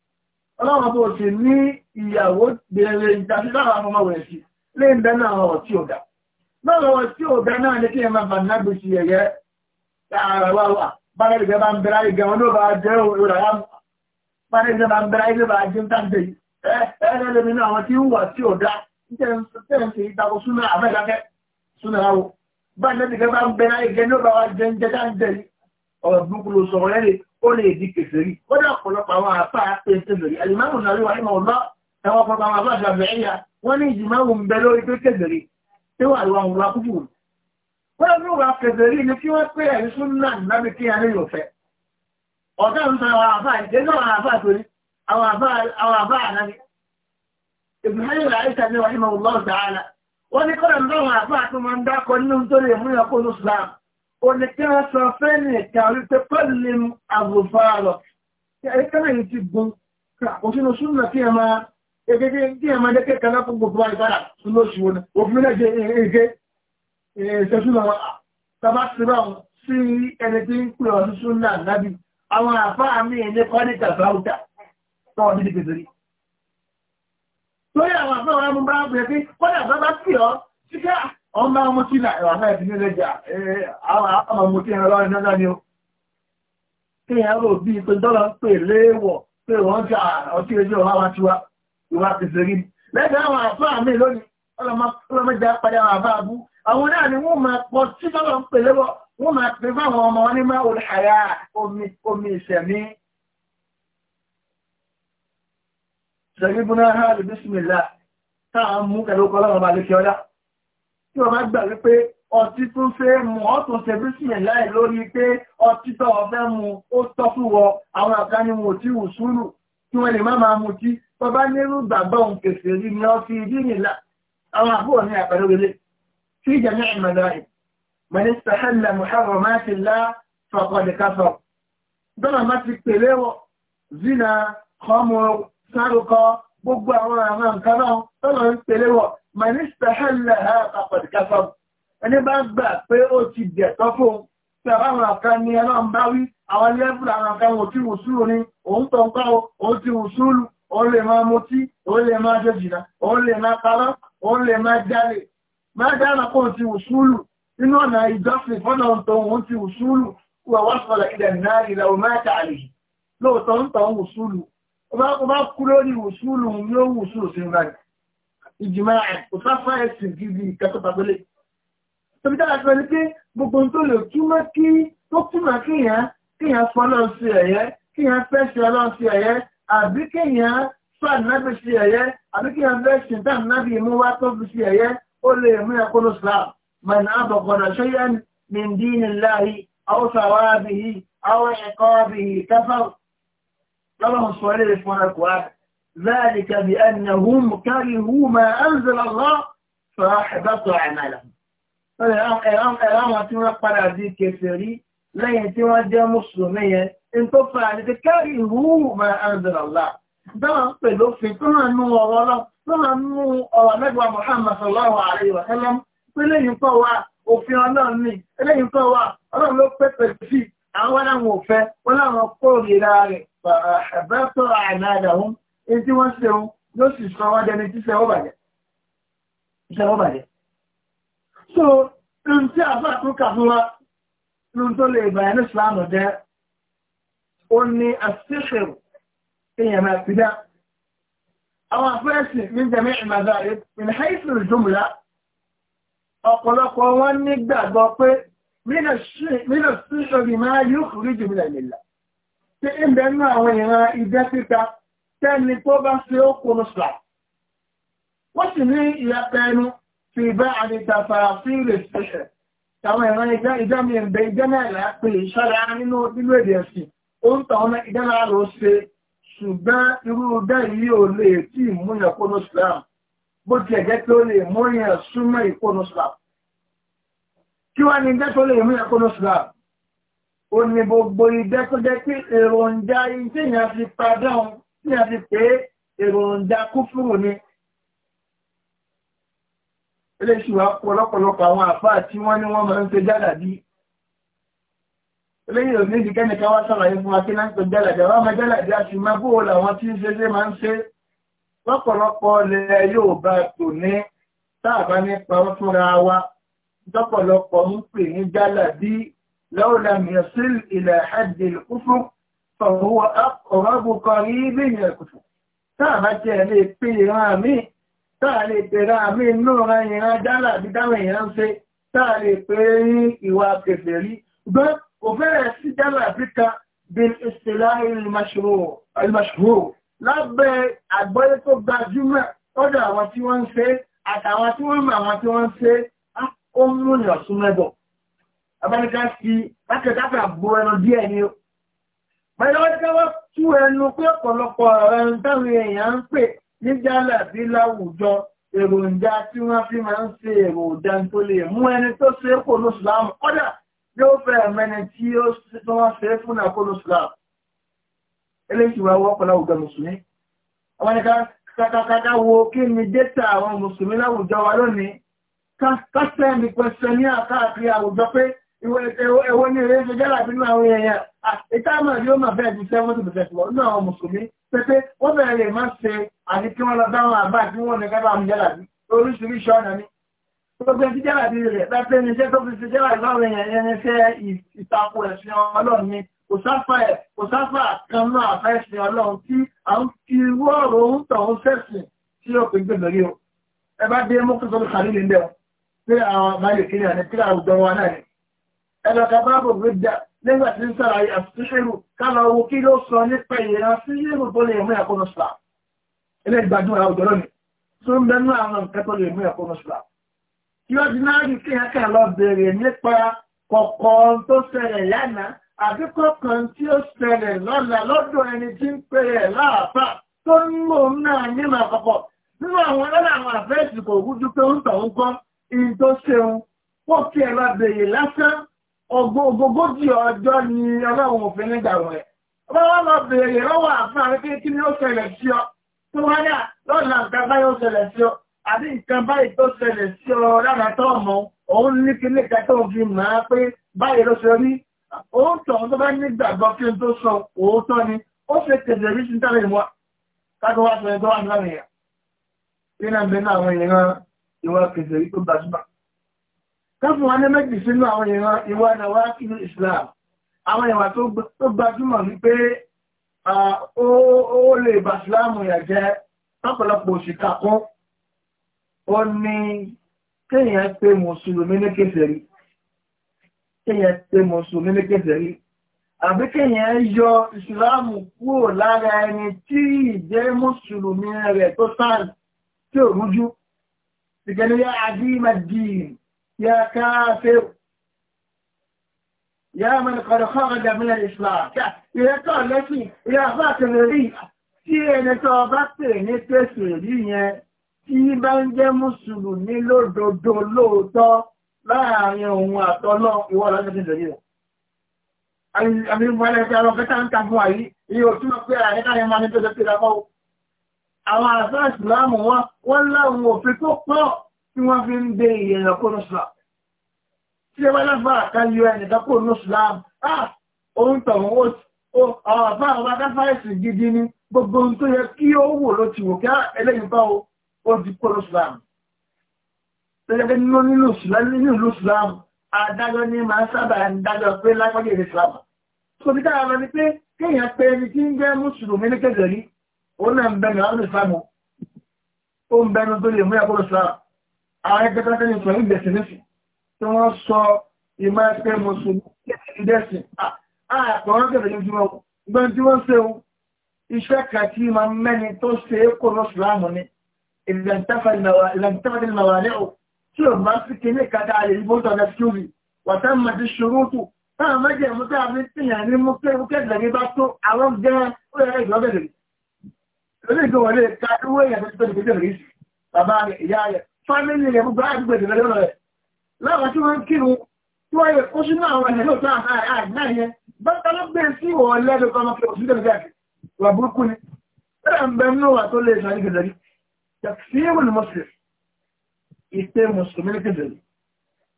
ọlọ́run tó ti ní ìyàwó bẹ̀rẹ̀ ìdájí lára ọmọ rẹ̀ sí lè ń bẹ́ náà ọ̀rọ̀ tí ó dá náà ọ̀rọ̀ tí ó dá náà ní kí ẹ máa ẹ̀yẹ ara wa wà bára ìgbẹ́ bá ń bẹ̀rẹ̀ ìgbẹ́ wọn ló bá jẹ́ òwúrọ̀ yá bára ìgbẹ́ bá ń bẹ̀rẹ̀ ìgbẹ́ bá jẹ́ ń tàbí ẹ̀ẹ́rẹ́ lèmi náà ó lè di kèfèrí kódà àwọn àpá pé kèfèrí alimamu nàlẹ́ wà nínú ọ̀lá ẹwà àwọn àbá àṣàbẹ̀ ẹ̀yà wọ́n ní ìjìmá ń bẹ lórí tí wà lọ àwọn akúkú wọ́n ní kí wọ́n náà kí a nílò fẹ́. ọ̀gá ń sọ àwọn àwọn òní kí wọ́n sọ fẹ́ ní ẹ̀ka wípé pẹ́lú àbùfà rọ̀ kí ẹ̀kẹ́lẹ́ yìí ti gun òfin oṣù náà kí ẹ máa ẹgbẹ́gbẹ́ kí ẹ máa dẹ́kẹ́ kan lápò gbogbo àìbára lóṣù wọn òfin náà jẹ ẹgbẹ́ ìṣẹ́sù lọ́wọ́ tàbá ti rọ̀ sí ẹni tí ń pè ọ́ ṣíṣú náà lábì àwọn àfá àmì ẹni kọ́nìkà báúdà tó ọdún ní kẹsìrì lórí àwọn àfẹ́ wọn mú bá bẹ̀rẹ̀ pé kọ́nà bá bá pè ọ́ síkẹ́ ọmọ mọ́tí náà ìwàfẹ́ ìdílé lẹ́jà àwọn àpamọ̀ mọ́tí ẹ̀rọ lọ́rin náà ni ó kí ẹ̀ rò bí pé dọ́là ń pè léèwọ̀ pé wọ́n jà ọtí ẹjọ́ wa tiwa ìwà kìsìrí lẹ́gbẹ̀ẹ́ àwọn àfáà mi lónìí ọlọ́mọdé apàdé àwọn àfáà bú àwọn náà ni wọ́n máa pọ̀ tí dọ́là ń pè léèwọ̀ wọ́n máa pè fáwọn ọmọ wọn tí wọ́n bá gbà wípé ọtí tún fẹ́ mu ọ́ tún ṣe bísímẹ̀ láì lórí pé ọtí tọ́ ọ fẹ́ mu ó tọ́ fún wọ àwọn àkánimù tí wù sùúrù kí wọ́n lè má máa mutí tó bá nírú bàbá òun kèsì rí ni ó fi rí nìlá àwọn àbúrò ní àpẹẹrẹ wọlé sí ìjàmí ìmọ̀lá rẹ̀ mẹ́nísítà hàlà muhammed máa ti lá fàkọ̀dé káfọ̀ má ti pèlé wọ zina kọ́mọ sárúkọ gbogbo àwọn àwọn nǹkan náà dọ́là ń pèlé wọ mọ̀nísítà hẹ́lẹ̀ ha àpàdé káfàm ẹni bá gbà pé ó ti dẹ̀tọ́ fún pé àwọn àkan ní ẹlọ́n bá wí àwọn lẹ́bùrù àwọn àkan ò tí wù súrù ni òun tó ń pa ó ó ti wù súrù ó lè máa mutí ó lè máa jẹ jìnnà ó lè máa parọ́ ó lè máa jalè máa dára kó ti wù súrù inú ọ̀nà ìjọsìn fọ́nà tó ń ti wù súrù wà wá sọ̀rọ̀ ìjìmọ̀ ẹ̀ kò sáfà ẹ̀sìn gidi ìkẹ́kọ̀ọ́ tàbílẹ̀. Tòbí dára sọ ni pé gbogbo ohun tó lè túmọ̀ kí tó túmọ̀ kéèyàn kéèyàn fọ́ náà sí ẹ̀yẹ́ kéèyàn fẹ́ ṣe ọlọ́run sí ẹ̀yẹ́ àbí kéèyàn fà nábì sí ẹ̀yẹ́ àbí kéèyàn fẹ́ ṣe dáàmú nábì mú wá tó fi sí ẹ̀yẹ́ ó lè mú ẹ̀kọ́ ló sà mọ̀nà àbọ̀kọ̀dà ṣóyá min dinillahi aw sawabihi aw iqabihi ذلك بأنهم كرهوا ما أنزل الله فأحبطوا أعمالهم àwọn tí wọ́n padà di kèfèrí lẹ́yìn tí wọ́n jẹ́ mùsùlùmí yẹn in tó fà ní ti kárí ìhú ma anzala Allah dáwọn pè lófin tó hàn nú ọ̀rọ̀ ọlọ́ tó hàn nú ọ̀rọ̀ mẹ́gbà Muhammad sallallahu alayhi wa sallam pé lẹ́yìn kọ́ wa òfin ọlọ́run ní lẹ́yìn kọ́ wa ọlọ́run ló pẹ́pẹ́ sí àwọn aláwọn òfẹ́ wọn láwọn kórìíra rẹ̀ àbẹ́tọ̀ àìmáàdàhún èyí tí wọ́n ṣeun ló sì sọ wọ́n dẹni tí ṣe ọbàdẹ̀. so ohun tí àfà tó kà fún wa ohun tó lè bàyẹ̀ ní ìsìláàmù jẹ́ ó ní àṣíṣẹ́rù èèyàn máa fi dá àwọn afẹ́ẹ̀sì ní jẹ́mí ìmàdà ìhàìsìn ìjọmùlá ọ̀pọ̀lọpọ̀ wọn nígbàgbọ́ pé mínà sí orí máa yóò kúrú jùmùlà nílà tí ìbẹ̀ẹ́nú àwọn ìran ìdẹ́ tẹ́ni tó bá ṣe ó kó ní ṣùlá. Wọ́n sì ní ìyàpẹ̀ ẹnu fi bẹ́ àdìtàfà sí ilé ṣẹṣẹ̀. Tàwọn ìran ìjá mi ń bẹ ìjá náà là pé ìṣọ́ra nínú nínú èdè ẹ̀sìn. Ó ń tàwọn ìjá náà ló ṣe ṣùgbọ́n irú bẹ́ẹ̀ yìí ò lè tí ìmúyàn kó ní ṣùlá. Bó tiẹ̀ ìjẹ́ tó fi padà tí a fi pé èròjà kúfúrú ni eléṣù wa kú ọlọ́pọ̀lọpọ̀ àwọn àfáà tí wọ́n ní wọ́n máa ń pe jálàbí eléyìí ò ní ìdí kẹ́nìkan wá sàlàyé fún wa kí náà ń pe jálàbí àwọn ọmọ jálàbí àti máa bó làwọn tí ń ṣe ṣe máa ń ṣe lọ́pọ̀lọpọ̀ lẹ̀ yóò bá tò ní táàbá nípa wọn fúnra wa lọ́pọ̀lọpọ̀ ń pè ní jálàbí lọ́wọ́lá mìíràn sílẹ̀ ilẹ̀ àdìl kúfúrú فهو أقرب قريب يكتب táàbá tí ẹ̀ lè pé ìran mi táà lè pèrà mi inú ran ìran dálà bí dáwọn èèyàn ṣe táà lè pé ní ìwà kẹfẹ̀ rí gbọ́n kò fẹ́rẹ̀ sí dálà áfíríkà bil istilah al-mashhur lábẹ́ àgbọ́yé tó gbajúmọ̀ ọ̀dọ̀ àwọn tí wọ́n ń Pẹ̀lú ọjọ́ wá tú ẹnu pé ọ̀pọ̀lọpọ̀ ọ̀rọ̀ ìdáhùn èèyàn ń pè ní jálàbí láwùjọ èròjà tí wọ́n fi máa ń ṣe èròjà tó lè mú ẹni tó ṣe é kò lóṣùlámù kọ́dà yóò fẹ́ ẹ̀mẹ́ni tí ó tó wọ́n ṣe é fún náà kò ni dẹ́tà àwọn Mùsùlùmí láwùjọ ẹwọ́ ní eré ṣe jẹ́lá bínú àwọn èèyàn ìtàmà yóò máa bẹ́ẹ̀ ju seventy percent lọ nínú àwọn mùsùlùmí pépé wọ́n bẹ̀rẹ̀ lè má ṣe àti kí wọ́n lọ dáhùn àbá tí wọ́n ní kábàá mú jẹ́lá bí oríṣiríṣi ọ̀nà ni. gbogbo ẹni jẹ́lá bí rẹ̀ pẹ́pẹ́ ni iṣẹ́ tó fi ṣe jẹ́lá ìbáwọn èèyàn yẹn ní ṣe ìtako ẹ̀sìn ọlọ́run ni kò sáfà ẹ̀ kò sáfà kan náà àfẹ́sìn ọlọ́run tí à ń fi wọ́ọ̀rọ̀ ń tọ̀ ń sẹ̀sìn tí ó pè gbèbè rí o. ẹ bá dé mọ́kútọ́ ló kàrí lè ń bẹ̀ ọ́ pé àwọn máa lè kiri àná pé àwùjọ wa náà ni ẹlọ́ka báàbò gbẹ́dà nígbà tí ń sàlàyé àtúnṣẹ́rù kálọ̀ owó kí ló sọ nípa ìran sí yẹ́rù tó lè mú ẹ̀kọ́ lọ́sùlà ilé ìgbàdúrà àwùjọ lónìí tó ń bẹnu àwọn nǹkan tó lè mú ẹ̀kọ́ lọ́sùlà kí ó dínárì kí ẹ kà lọ bèèrè nípa kọ̀ọ̀kan tó ṣẹlẹ̀ lánàá àbí kọ̀ọ̀kan tí ó ṣẹlẹ̀ lọ́la lọ́dọ̀ ẹni tí ń pè ẹ̀ láàfà tó ń mò ń náà nímọ̀ àkọ́kọ́ nínú àwọn lọ́la àwọn àfẹ́sì kò rújú pé ó ń tọ̀ ń kọ́ ìyìn tó ṣeun kó kí ẹ lọ bèèrè lásán ogógógójì ọjọ́ ni ọlọ́run òfin nígbà wọ̀nyẹ. ọba wọn lọ bèèrè lọ́wọ́ àfáà wípé kí ni ó ṣẹlẹ̀ sí ọ tó wá ní àlọ́nà nǹkan báyìí ó ṣẹlẹ̀ sí ọ àbí nǹkan báyìí tó ṣẹlẹ̀ sí ọ lára tó mọ òun ní kí ní kẹta òfin mọ̀ á pé báyìí ló ṣe rí òun tọ̀hún tó bá nígbàgbọ́ kí n tó sọ òótọ́ ni ó ṣe tẹ̀lé rí sí tẹ́lẹ̀ wọn káàkiri wá sọ ẹgbẹ́ wà láàrin yà káfùn wọn méjì sínú àwọn ìran ìwà ìwà inú Islam àwọn ìwà tó gbajúmọ̀ wípé ó lè bá Islam yà jẹ́ lọ́pọ̀lọpọ̀ òṣìkà kún ó ní kéèyàn pé mùsùlùmí ní kèfèrí kéèyàn pé mùsùlùmí ní kèfèrí àbí kéèyàn yọ ìsìláàmù kúrò lára ẹni tí ìjẹ́ mùsùlùmí rẹ̀ tó sáà tí ò rújú ìgbẹ̀lẹ́yà adímadíìmù يا كافر يا من قد خرج من الإسلام يا كافر يا فاكر tí ẹni tó ọba pè ní pèsè rí yẹn tí bá ń jẹ́ mùsùlùmí lódodo lóòótọ́ láàrin òun àtọ́lọ́ ìwọ́ lọ́jọ́ tó lórí rẹ̀. àmì ìmọ̀lẹ̀ ti àwọn kẹta ń ta fún àyí iye òtún pé àyíká ni máa ní tó lè pè lápá o. àwọn àṣà ìsìláàmù wọn wọn láwọn òfin tó pọ̀ tí wọ́n fi ń gbé ìyẹ̀yàn kó nọ́sùlá tí ẹ bá lágbára ká kó nọ́sùlá ah òun tọ̀hún ó àwọn àbá àwọn akáfáìsì gidi ni gbogbo ohun tó yẹ kí ó wò ló ti wò kí eléyìí bá o ó di kó nọ́sùlá tẹ́lẹ̀kẹ́ nínú nínú ìlú islam adájọ́ ní máa sábà ń dájọ́ pé lágbàgbé islam tó bí káàrà ní pé kéèyàn pé ẹni tí ń jẹ́ mùsùlùmí ní kéjọ yìí ó náà ń ààrẹ gẹ́gẹ́ ní ìṣòro ìgbẹ̀sìn nísìn tí wọ́n sọ ìmọ̀ ẹgbẹ́ mùsùlùmí ìdẹ́sìn àpọ̀rọ̀ gẹ̀rẹ̀ yóò jùlọ gbọ́n tí wọ́n ṣe o iṣẹ́ kan tí ma mẹ́ni tó ṣe é kó lọ sùlámù ni ìlànìtàfàdì màwàlẹ́ o tí o bá sí kíní kata àlè ìbò tó ọ̀dà síkúrì wàtá mà ti ṣòro tù táwọn mẹ́jẹ̀ mú tá a fi tìyàn ní mú pé mú kẹ́gbẹ̀rẹ́ bá tó àwọn gẹ́rẹ́ ó yẹ ìgbọ́ bẹ̀rẹ̀ lórí ìgbọ́ wọlé ká owó èèyàn tó ti tó fámílì rẹ̀ gbogbo àgbègbè rẹ̀ lọ́rọ̀ rẹ̀ láwọn tí wọ́n ń kírun tí wọ́n yẹ kó sínú àwọn ẹ̀rẹ́ lóòótọ́ àìná yẹn bẹ́ẹ̀ tọ́lọ́ gbé sí ìwọ̀n lẹ́nu kọ́mọ kí òsì dẹ̀rẹ̀ káàkiri wà burúkú ni bẹ́ẹ̀ ń bẹ nínú wà tó lè sàn gẹ̀dẹ̀ rí tẹ̀síwò ni mọ́sẹ̀ ìpè mùsùlùmí gẹ̀dẹ̀ rí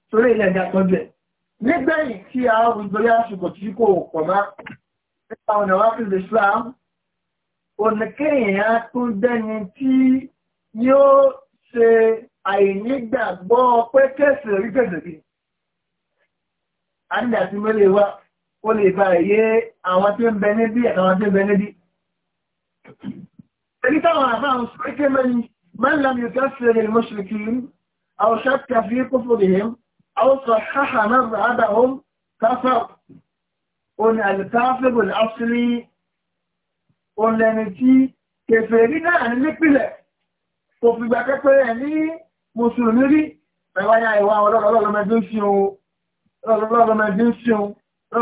torí ilẹ̀ ìjà tọ́jú ẹ̀ nígbẹ̀yìn tí a ń gbé àsìkò tí kò pọ̀ má nípa ọ̀nà wá fi Islam ònìkéyìn á tún dẹ́ni tí yóò ṣe àìnígbàgbọ́ pé kẹsìrì rí kẹsìrì àdìdà tí mo lè wá ó lè bá ẹ̀yẹ àwọn tí ń bẹ níbí àtàwọn tí ń bẹ níbí èyí táwọn àbáhùn pẹ́kẹ́ mẹ́ni man lam yukaffir al-mushrikin aw shakka fi kufrihim aw sahhaha mazhabahum mùsùlùmí rí pẹ̀láyà ìwà ọlọ́lọ́lọ́mẹdé sí ohun ọlọ́lọ́lọ́mẹdé sí ohun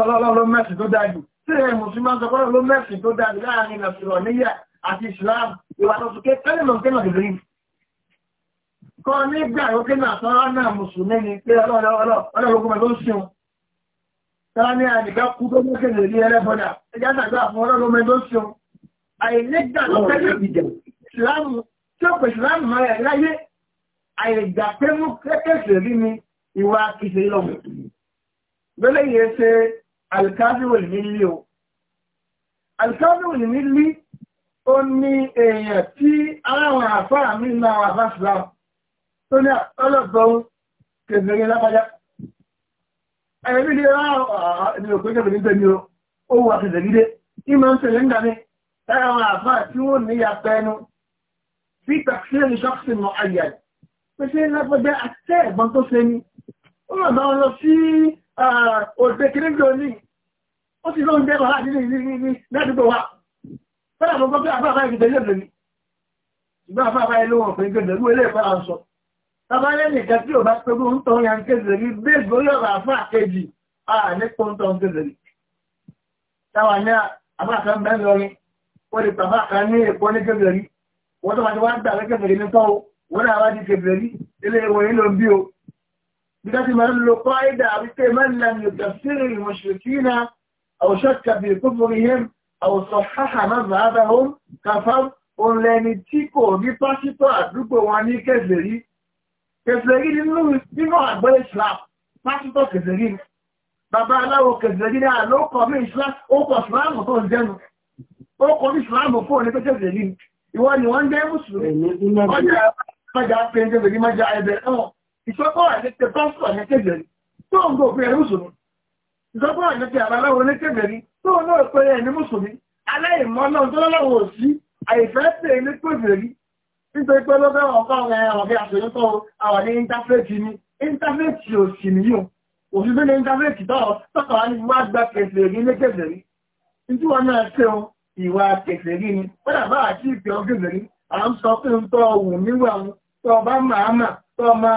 ọlọ́lọ́lọ́mẹsì tó dájú tí ẹ̀ mùsùlùmí máa ń sọpọ́ ọlọ́lọ́mẹsì tó dájú láàrin nàìjíríà níyà àti Islam ìwà lọ́sùnkẹ́ tẹ́lẹ̀ Kọ́ nígbà òkè náà sọ́rọ́ náà mùsùlùmí ni pé ọlọ́lọ́lọ́lọ́lọ́lọ́gbọ́n ló ń ṣe ohun. Tọ́lá ní àdìgá kú tó mú kéde ní ẹlẹ́bọ̀dà, ẹjá tàgbà fún ọlọ́lọ́mẹ́ tó ṣe ohun. Àìnígbà lọ́pẹ́ ìsìlámù tí ó pè ìsìlámù mọ́ ẹ̀ láyé àìgbà pé mú kẹ́kẹ́sì rí ni ìwà kìsì lọ́mù gbẹ́lẹ̀ yẹ ṣe alkaziwòlì nílé o alkaziwòlì nílé ó ní èèyàn tí àwọn àfá mi na àwọn àfá islam tó ní ọlọ́gbọ́n kẹfẹ́rẹ́ lápájá ẹ̀rí lè rá ẹni òkú kẹfẹ́rẹ́ nígbẹ́ ni ó wà kẹfẹ́ nílé ìmọ̀ ń tẹ̀lé ń dání àwọn àfá tí wọ́n ní yàtọ̀ ẹnu fi tàkṣí ẹni ṣọ́ọ̀ṣì mọ̀ ayẹyẹ pèsè lágbègbè àtẹ ẹ̀gbọ́n tó ṣe ni ó lọ bá wọn lọ sí òde kìrìndò ní ó sì lóun jẹ́ wàhálà nínú ìlú ní ládùúgbò wa fẹ́rẹ̀ àgbọ̀gbọ́ pé àbáfáà ìgbẹ́ yóò lè ní ìgbà àbáfáà ilé wọn fún ìgbẹ́ ìlú ilé ìfẹ́ àṣọ tábàlẹ́ nìkan tí ò bá pẹ́gbó ń tọ́ ya ń kéde rí bẹ́ẹ̀ lórí ọ̀rọ̀ àfà kejì à ní tó ń tọ́ ń kéde rí táwa ní àbáfáà mẹ́rin lọrin wọ́n lè pàfáà kan ní wọ́n náà wá di kẹfẹ́ rí ilé ìwọ̀n yìí ló ń bí o bí ká máa ń lo kọ́ ìdá wípé mẹ́lá ni ọ̀gá sílẹ̀ ìwọ̀n ṣèkínà àwòṣọ́ kàbí kúfúrú yẹn àwòṣọ́ háhà má bàá bá ó kàfá òun lẹni tí kò ní pásítọ̀ àdúgbò wọn ní kẹfẹ́ rí kẹfẹ́ rí nínú àgbẹ̀ Islam pásítọ̀ kẹfẹ́ rí bàbá aláwo kẹfẹ́ rí náà ló kọ́ mí Islam ó kọ́ Islam tó ń jẹnu ó kọ́ Islam fún òní pé kẹfẹ́ rí ìwọ ni mọ́já péńté bèbí mọ́já ẹbẹ̀ ẹ̀wọ̀n ìṣọ́pọ̀ àlẹ́tẹ̀ pásítọ̀ àlẹ́tẹ̀bẹ̀ rí tó ń gbò pé ẹ̀rú mùsùlùmí ìṣọ́pọ̀ àlẹ́tẹ̀ àbáláwo àlẹ́tẹ̀bẹ̀ rí tó ń náà pé ẹ̀ní mùsùlùmí aláìmọ́ náà tó lọ́wọ́ sí àìfẹ́ pé ní pèbè rí nítorí pé lọ́fẹ́ ọ̀pá ọ̀rẹ́ ọ̀rẹ́ àṣòyúntọ́ àwà ní íńtáfẹ́ẹ̀tì ní íńtáfẹ́ẹ̀tì òsì nìyàn òṣìṣẹ́ ní íńtáfẹ́ẹ̀tì tọ́ọ̀ tọ́kọ̀ wá ní wá gba kẹfẹ́ rí ní kẹfẹ́ rí nítorí wọn náà ṣe ohun ìwà kẹfẹ́ rí ni wọ́n dàbá àti ìpẹ́ ọgẹ́gẹ́ rí à ń sọ pé ń tọ́ ohun níwà wọn tọ́ bá màámà tọ́ ma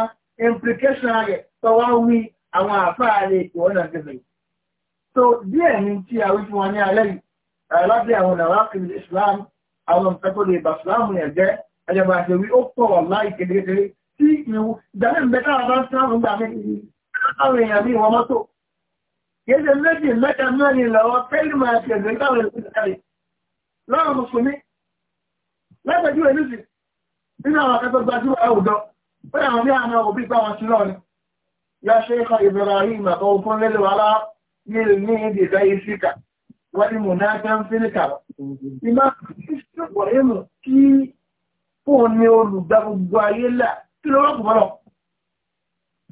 implication rẹ̀ tọ́ wá wí àwọn àfáà rẹ̀ ìwọ́n náà tẹ̀lé. So díẹ̀ ní tí a wí fún wa ní alẹ́ yìí lábẹ́ àwọn ọ̀nà rákìlì Islam àwọn ìfẹ́kọ̀lẹ̀ ìbà Islam yẹn jẹ́ ẹjọba àti orí ó pọ̀ wà láì kékeré tí ìwò ìdáná ìbẹ́ká àbá Islam gbà mí àwọn èèyàn ní ìwọ mọ́tò. Kéde méjì mẹ́ta mẹ́rin lọ́wọ́ kẹ́lí máa tẹ̀lé káwọn èèyàn lọ́rùn mùsùlùmí. Lábẹ́jú ẹ̀ nínú àwọn akẹ́kọ̀ọ́ gbajúmọ̀ àwùjọ ó yàwọn bí àwọn òbí bá wọn sí lọ́ni ya ṣeéka Ibrahim àkọ́wọ́ fún lélẹ̀ wà lá nílùú ní ìdí ìdá ìfíkà wọ́n ni mùnà tán fílíkà ìmá ìṣẹ́pọ̀ ìmù kí fóun ni olùgbà gbogbo ayé là kí ló rọ́pù bọ́lọ̀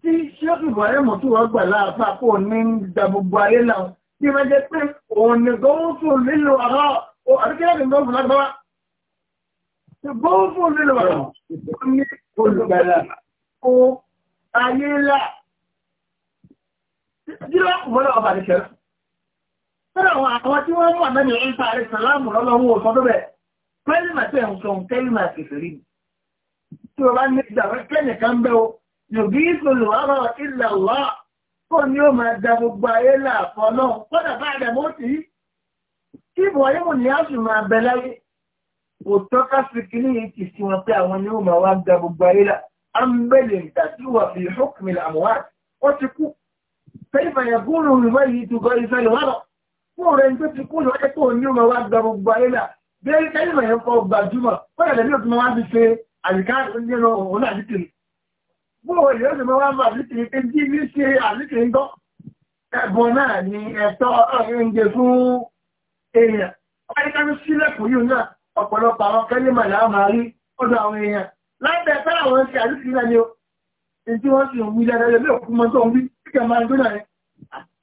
tí ṣeéka Ibrahim tó wọ́n gbà láàpá fóun ní gbà gbogbo ayé là kí wọ́n jẹ́ pé òun ni gọ́wọ́ fún lílo àrọ́ àdúgbò Bọ́ọ̀fù nínú ọ̀rọ̀ ní olùgbàlà kó ayé ńlá. Jíra mọ́lá ọba ní ṣẹ́rẹ́. Fẹ́rẹ̀ àwọn àwọn tí wọ́n mú àmẹ́ni ìfà rẹ̀ sàlámù lọ́lọ́wọ́ òsán tó bẹ̀. Pẹ́lìmà tẹ̀ ń sọ̀n kẹ́lìmà kìfèrí. Tí o bá ní ìdàwẹ́ kẹ́nì kan bẹ́ o, yògí ìfòlù ọ̀rọ̀ ilẹ̀ wá. Kó ni ó máa da gbogbo ayé là fọ́ náà, kọ́dà bá àdàmọ́ tì í. Kí ìbò ayé mò ní á máa bẹ láyé kò tọ́ka sí kìíní yìí ti sí wọn pé àwọn ni ó máa wá gba gbogbo ayé la ambele tàbí wà fi hukmi àmúwá wọ́n ti kú kẹ́lifà yẹn kúrò ìwé yìí tó gbọ́ ìfẹ́ lọ́wọ́ lọ fún ọ̀rẹ́ tó ti kú lọ́wọ́ tó ní ó máa wá gba gbogbo ayé la bẹ́ẹ̀ kẹ́lifà yẹn kọ́ gbajúmọ̀ kọ́lá lẹ́bí òtún máa fi ṣe àyíká nínú òun àdìtìrì bó o lè ọ̀sẹ̀ máa wá àdìtìrì pé bí mi ṣe àdìtìrì gbọ́ ẹ̀bùn náà ni ẹ̀tọ́ oúnjẹ fún èèyàn ọ̀rẹ́ ká ọ̀pọ̀lọpọ̀ àwọn kẹ́límà làá máa rí ọdọ̀ àwọn èèyàn lábẹ́ fẹ́ràn wọn ṣe àdúgbò náà ni ó ní tí wọ́n sì ń wí dáadáa lórí òkú mọ́ tó ń wí kíkẹ́ máa ń gbóná rẹ̀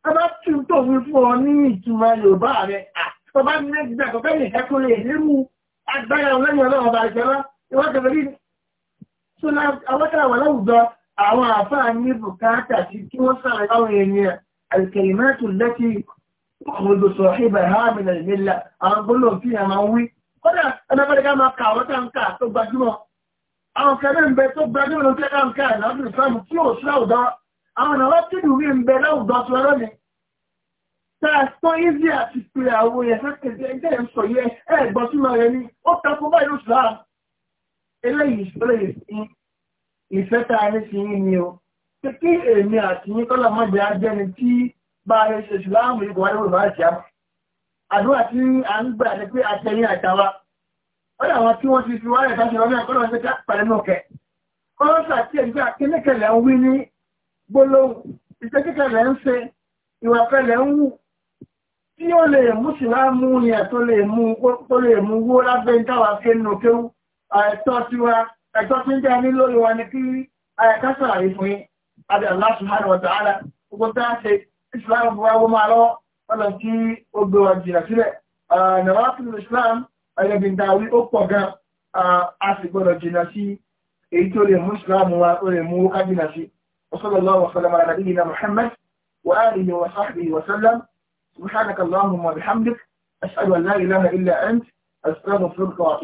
a bá tún tó ń wí fún ọ ní ìtumọ̀ Yorùbá rẹ̀ tó bá ní ẹgbẹ́ àkọ́kẹ́ ní ìkẹ́kọ̀ọ́ lè nírú agbára lẹ́yìn ọlọ́run bá ìṣẹ́lá ìwọ́n rí tó ná awọ́tà wà láwùjọ àwọn àfáà ní bùkátà sí kí wọ́n sàrẹ̀ láwọn èèyàn àìkẹ̀lẹ̀mẹ́tù lẹ́kì ọmọdé sọ̀rọ̀ ìbẹ̀rẹ̀ kọ́dà ẹnàfẹ́dẹ́ká máa kà àwọn táǹkà tó gbajúmọ̀ àwọn kẹrẹ ń bẹ tó gbajúmọ̀ ló tẹ́ká ń ká ìlànà ìsìlámù tí ò sí àwùjọ àwọn ọ̀nà wọ́n tìlú rí ń bẹ láwùjọ tó ẹrọ ni tàà tó ízí àti pé àwọn yẹn sákẹ̀dẹ̀ ẹgbẹ́ ń sọ yẹ ẹ gbọ́ sí máa rẹ ní ó takò báyìí oṣù láà eléyìí eléyìí sí ìfẹ́ tá a ní sí yín ni o kí èmi àti yín kọ́lá mọ́jà jẹ́ni tí bá a àdúrà tí a ń gbà ní pé àtẹ̀yìn àtàwà ọ̀dọ̀ àwọn tí wọ́n ti fi wáyé ìtàṣẹ ọmọ ẹ̀kọ́ lọ́wọ́ ṣẹ́ká pàdé náà kẹ́ ọlọ́sà tí ẹ̀gbẹ́ akínníkẹ̀lẹ̀ ń wí ní gbólóhùn ìtẹ́kẹ̀kẹ̀lẹ̀ ń ṣe ìwà kẹlẹ̀ ń wù tí ó lè mú síláàmù yẹn tó lè mú tó lè mú wó lábẹ́ táwa fi nù kéwú ẹ̀tọ́ tí wa ẹ̀tọ́ tí ń jẹ́ ní lórí wa ni kí ayẹkásà àrífin adé Allah subhanahu wa ta'ala gbogbo tá a ṣe ìsìláàmù wa wọ́n máa lọ́wọ́ ọ̀nà kí ó gbé wa jìnà sílẹ̀ nàwáfíìlú Islam ẹgbẹ̀gbìndà wí ó pọ̀ gan a sì gbọ́dọ̀ jìnà sí èyí tó lè mú Islam wa ó lè mú ká jìnà sí wasallallahu wasallam ala nabiyyina Muhammad wa alihi wa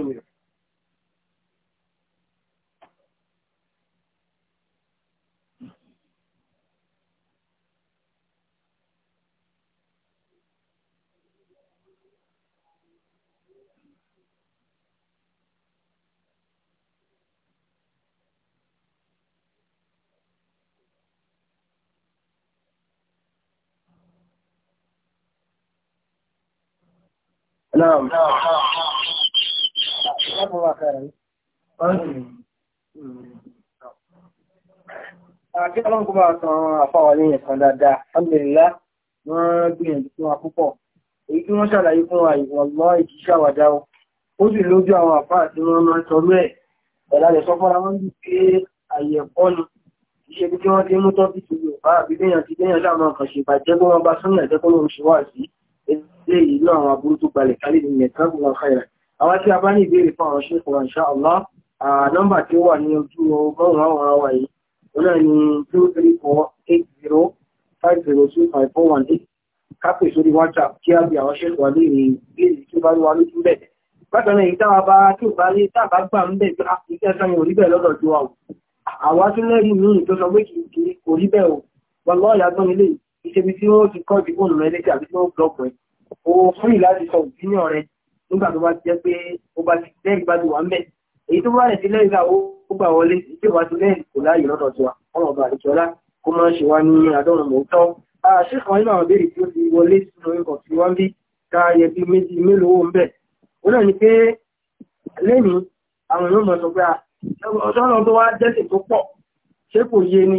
نعم جزاكم الله خيرا Àti ọlọ́run kó bá san àfáwà lẹ́yìn kan dáadáa, alhamdulillah, wọ́n gbìyànjú fún wa púpọ̀. Èyí tí wọ́n ṣàlàyé fún wa ìwọ̀lọ́ ìjíṣàwàdá o, ó sì lójú àwọn àfáà tí wọ́n máa sọ mẹ́ ẹ̀lá lẹ̀ sọ fọ́ra wọ́n bí pé àyẹ̀kọ́ ni, ìṣẹ́ bí wọ́n ti mú tọ́ bí ti yóò bá àbí ilé ìlú àwọn aburú tó gbalẹ̀ kálí ní ìyẹn kan gbọ́n ọ̀hán rẹ̀. àwọn tí a bá ní ìbéèrè fún àwọn ṣe kọ̀ọ̀rọ̀ insha Allah nọ́mbà tí ó wà ní ojú ọgọ́rùn-ún àwọn àwa yìí ọ̀nà ni zero three four eight zero five zero two five four one eight kápẹ̀ sórí WhatsApp kí á bí àwọn ṣe wà léèrè ìbéèrè tí ó bá wà lójú bẹ́ẹ̀. bákan náà ìta bá tí ò bá lé tá a bá gbà ń bẹ̀ ah, iṣẹ́ sanni orí bẹ́ẹ̀ lọ́dọ̀ tó wà o àwa tún lẹ́rìí mí-ín tó sọ pé kì í kì í orí bẹ́ẹ̀ o wọ́n lọ́ọ̀yà tán ilé yìí ìṣẹ́bi tí ó ti kọ́ ìdìbò lọ ẹlẹ́jẹ̀ àbí tí wọ́n blọ́ọ̀kù ẹ̀ o fún ìlà ti sọ òbíyàn rẹ nígbà tó bá ti jẹ́ pé ó bá ti lẹ́yìn bá ti wà ń bẹ̀ èyí tó bá rẹ̀ ti lẹ́yìn láwọ́ ó gbà wọlé tí ìwà ti lẹ́yìn kò láàyè lọ́dọ̀ tiwa ọmọ ọba àdìsọ́lá kó máa ń ṣe wá ní àdọ́rùn mọ́tọ́ àṣẹ kan nínú àwọn ìbéèrè tí ó ti wọlé sínú ikọ̀ tí wọ́n bí ká yẹ bí méjì mélòó ń bẹ̀ ó náà ni pé lẹ́yìn àwọn èèyàn mọ̀ sọ pé ọ̀sán náà tó wá jẹ́sìn tó pọ̀ ṣé kò yé ni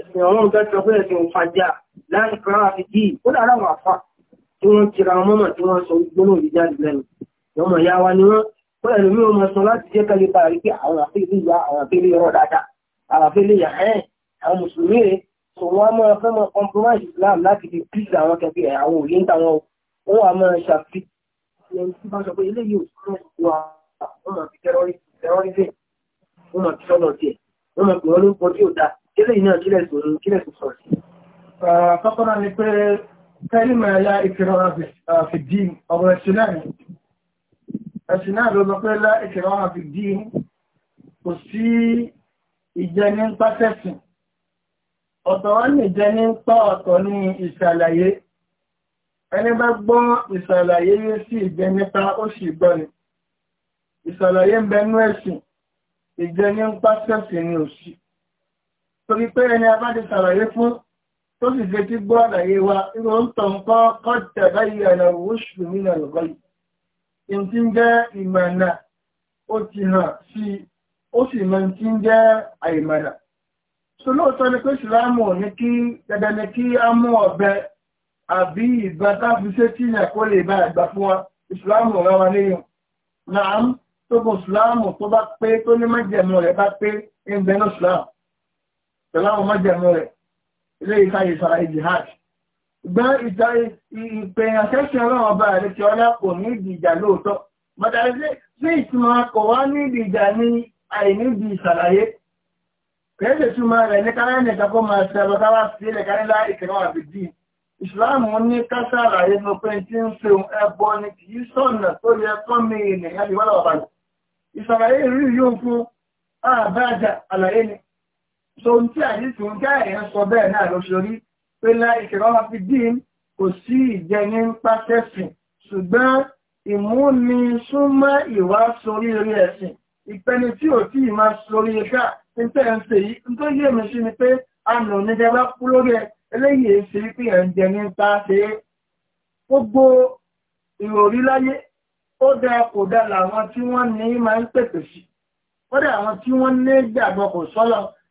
ẹ̀sìn ọlọ́run fẹ́ pé ẹ̀sìn òfàjà láti kọ́ àfi kí ó dára wà fà tí wọ́n tira ọmọ mọ̀ tí wọ́n sọ gbóná òbí jáde ọmọ ìyá wa ni wọ́n ó lẹ́nu mí ọmọ sọ láti jẹ́ kẹ́lẹ́ bá rí pé àwọn àfẹ́lẹ́ ya àwọn àfẹ́lẹ́ ọ̀rọ̀ dáadáa àwọn àfẹ́lẹ́ yà ẹ́ àwọn mùsùlùmí rẹ̀ sọ wọ́n máa fẹ́ mọ compromise Islam láti fi pís àwọn kẹfì àwọn òye ń ta wọn ó wà máa ṣàfihàn tí bá sọ pé ilé ò sí kílẹ̀ iná kílẹ̀ sọ̀rọ̀ kílẹ̀ sọ̀rọ̀ sí. Fọ́kọ́nà ni pé kẹ́lìmọ̀ ẹ̀yà ìkìrọ̀rọ̀ fi dín ọ̀rọ̀ ẹ̀sìn náà ni. Ẹ̀sìn náà ló lọ pé lá ìkìrọ̀rọ̀ fi dín kò sí ìjẹni ń pa tẹ̀sìn. Ọ̀tọ̀ wọn ní ìjẹni ń pa ọ̀tọ̀ ní ìṣàlàyé. Ẹni bá gbọ́ ìṣàlàyé sí ìjẹni pa ó sì gbọ́ ni. Ìṣàlàyé ń bẹnú ẹ̀sìn. Ìjẹni ń pa tẹ̀sìn ni ò torí pé ẹni abáde sàlàyé fún tó sì fẹ́ tí gbọ́ àlàyé wa inú ń tàn kọ́ kọ́tẹ̀ báyìí àlàwò oṣù nínú àlùkọ́ yìí in ti ń jẹ́ ìmọ̀nà ó ti hàn sí ó sì mọ̀ ti ń jẹ́ àìmọ̀nà tó lóòótọ́ ni pé ìsìlámù ní kí dandan ni kí á mú ọ̀bẹ àbí ìbá táfi sétí yẹn kó lè bá àgbà fún wa ìsìlámù rán wa níyàn náà tó bọ̀ ìsìlámù tó bá pé tó ní májẹ̀mú rẹ̀ bá pé ń bẹ ní ìsìlámù pẹ̀lú àwọn májẹ̀mú rẹ̀ ilé ìtayé sara jihad gbọ́n ìpẹ̀yìn akẹ́kẹ́ ọlọ́run ọba rẹ̀ tí ọlá kò ní ìdí ìjà lóòótọ́ mọ̀tàlẹ́sẹ̀ sí ìtumọ̀ kò wá ní ìdí ìjà ní àìníbi ìsàlàyé kẹ́ẹ̀sẹ̀ túnmọ̀ rẹ̀ ní kára ní kakọ́ máa sẹ́rọ káwà sílẹ̀ kárílá ìkẹ̀rọ àbìdí ìsìláàmù ní kásàlàyé fún pé tí ń ṣe ẹbọ ní kìí sọ̀nà tó yẹ so ohun tí àyè tó ń dá èèyàn sọ bẹ́ẹ̀ náà lọ sórí pé láì ìkìrọ́mà fi dín kò sí ìjẹni ń pa tẹ̀sìn ṣùgbọ́n ìmúnisúnmọ́ ìwà sórí orí ẹ̀sìn ìpẹni tí ò tí ì sórí ẹ̀ka níta ẹ̀ ń ṣe yìí n tó yé mi sí ni pé àmì oníjẹ bá kú lórí ẹ eléyìí èsì pé ẹ̀ ń jẹni ń pa ṣe é gbogbo ìròrí láyé ó dáa kò dáa làwọn tí wọ́n ní máa ń pèpè sí kódà àwọn tí wọ́n ní gbàgbọ́ kò sọ́lọ́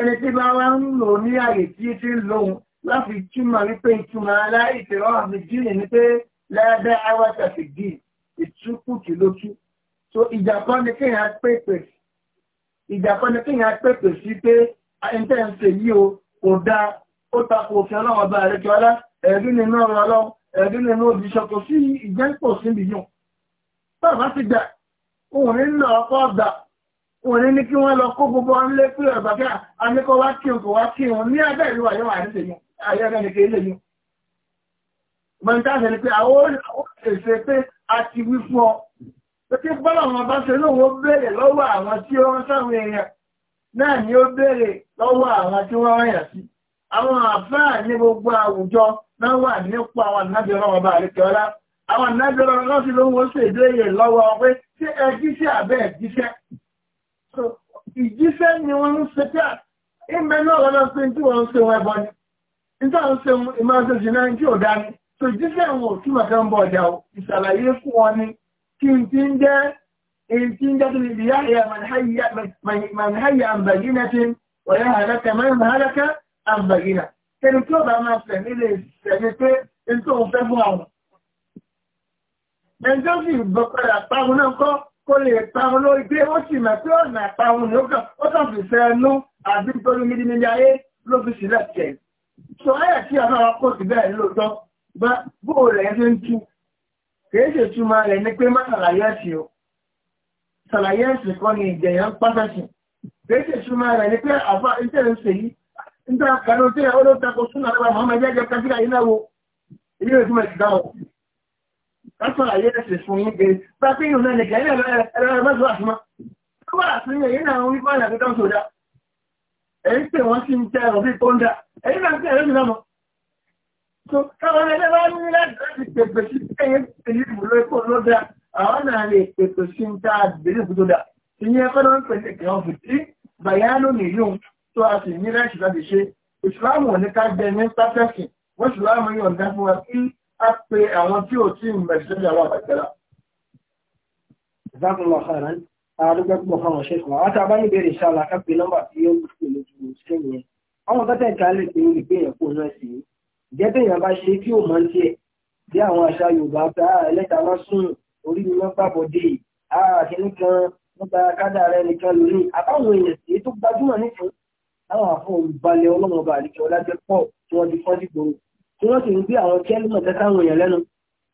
ẹni tí bá wá ń lò ní àyè tí ó ti ń lòun láti túmọ̀ wípé ìtumọ̀ aláìtẹ̀rọ̀ àmì jíìnì ni pé lẹ́ẹ̀dẹ́ awẹ́tẹ̀ sì dì ìtúkùtù lótú. so ìjà kan ni kéèyàn pèpè ìjà kan ni kéèyàn pèpè sí pé ẹ̀ńtẹ́ ń ṣe yìí o kò dáa ó takò òfin ọlọ́run ọba rẹ̀ jọlá ẹ̀rí nínú ọ̀rọ̀ ọlọ́run ẹ̀rí nínú òbíṣọ́ kò sí ìjẹ́pọ̀ síbi yàn. bá a bá ti gbà òun nílò ọkọ̀ ọ̀gbà òní ní kí wọ́n lọ kó gbogbo wọn lé pé ọ̀bà kí àníkọ́ wá kí òun kò wá kí òun ní abẹ́ ìlú àyẹ̀wò àdìsẹ̀ ni pé àwọn èsè pé a ti wí fún ọ. Pété bọ́lá wọn bá ṣe lóun ó béèrè lọ́wọ́ àwọn tí ó náà ni ó béèrè lọ́wọ́ àwọn tí wọ́n rán yàn sí. Àwọn àfáà ní gbogbo àwùjọ náà wà nípa àwọn ànábì ọlọ́wọ́ bá àríkẹ́ ọlá. Àwọn ànábì ọlọ́wọ́ náà sì lóun ó ṣèbéèrè lọ́wọ́ pé ṣé ẹ àbẹ́ ẹ̀ ìjíṣẹ́ ni wọ́n ń ṣe pé ìmẹ́ náà lọ́nà pé tí wọ́n ń ṣe wọn ẹbọ ni nígbà ń se ìmọ̀ọ́sẹ̀sì náà tí ò dá ní tó ìjíṣẹ́ wọn tí màkà ń bọ̀ ọ̀dà ìṣàlàyé fún wọn ni kí n ti ń jẹ́ èyí tí ń jẹ́ tó ibi yáyà mànìháyà àmbàgínà ti wọ̀yá àdákà mẹ́rin àdákà àmbàgínà ẹni tí ó bá máa fẹ̀ nílé ìṣẹ̀mí pé ẹni tó ń fẹ́ fún àwọn ẹni sì bọ̀ padà pàwọn náà kọ́ kó lè parun lórí pé ó sì mọ̀ pé ọ̀nà àparun ni ó kàn ó kàn fi fẹ́ ẹnu àbí nítorí mídímídí ayé ló fi sílẹ̀ tẹ̀. sọ ayà tí àwọn àwọn kò sí bẹ́ẹ̀ lóòótọ́ bá bóò rẹ̀ ṣe ń tú kìí ṣe túmọ̀ rẹ̀ ni pé má ṣàlàyé ẹ̀sìn o ṣàlàyé ẹ̀sìn kan ni ìjẹ̀yàn ń pàṣẹṣìn kìí ṣe túmọ̀ rẹ̀ ni pé àfa iṣẹ́ ń ṣe yìí ó ló takò súnà lọ́wọ́ Muhammad jẹ́jẹ́ kájíkà yìí ilé ìtumọ̀ ìdáwọ̀ lásán àyè ẹ̀sẹ̀ fún yín gbé bá pé yìí náà nìkan ẹ̀rọ ẹ̀rọ mẹ́sàn án súnmọ́ tó wà sí ẹ̀yìn náà wí fáyà tó dáhùn sódà ẹ̀yìn pé wọ́n sì ń jẹ́ ẹ̀rọ bí pọ́ńdà ẹ̀yìn náà ń tẹ̀lé mi náà mọ́. so káwọn ẹgbẹ́ bá ní láti pèpè sí ẹ̀yìn èyí ìbúlò epo lọ́dà àwọn náà lè pèpè sí ń ta àgbélé ìbúlò dà a sì ní láti ṣe ìsìláàmù ní ká jẹ ní sáfẹ́sì wọ́n sì láàmú yọ̀ǹda fún wa kí á pe àwọn tí ò tí ì mẹ̀sí sórí àwọn àbàjẹ́lá. ìzákùnlọ̀ ọ̀hánà àdúgbò púpọ̀ fáwọn ṣe fún wa àti àbá níbi èrè ṣáàlà ká pe nọ́mbà tí ó kù lójú sẹ́yìn yẹn àwọn tọ́tẹ̀ ká lè pe ìgbéyàn kó náà sí jẹ́ pé èèyàn bá ṣe kí ò mọ̀ ń tiẹ̀ bí àwọn àṣà Yorùbá bá ah, ẹlẹ́ta wọn sùn orí mi wọ́n pàbọ̀ dé àkíní ah, kan nípa kádà rẹ nìkan lórí àbáwọn èèyàn sí tó gbajúmọ̀ nífẹ̀ẹ́ àwọn àfọ̀ olùbalẹ̀ ọlọ́mọba àdìkẹ́ ọlájẹ́ pọ̀ tí wọ́n ti tí wọ́n sì ń gbé àwọn kẹ́lùmọ̀ tẹ́tàwọn èèyàn lẹ́nu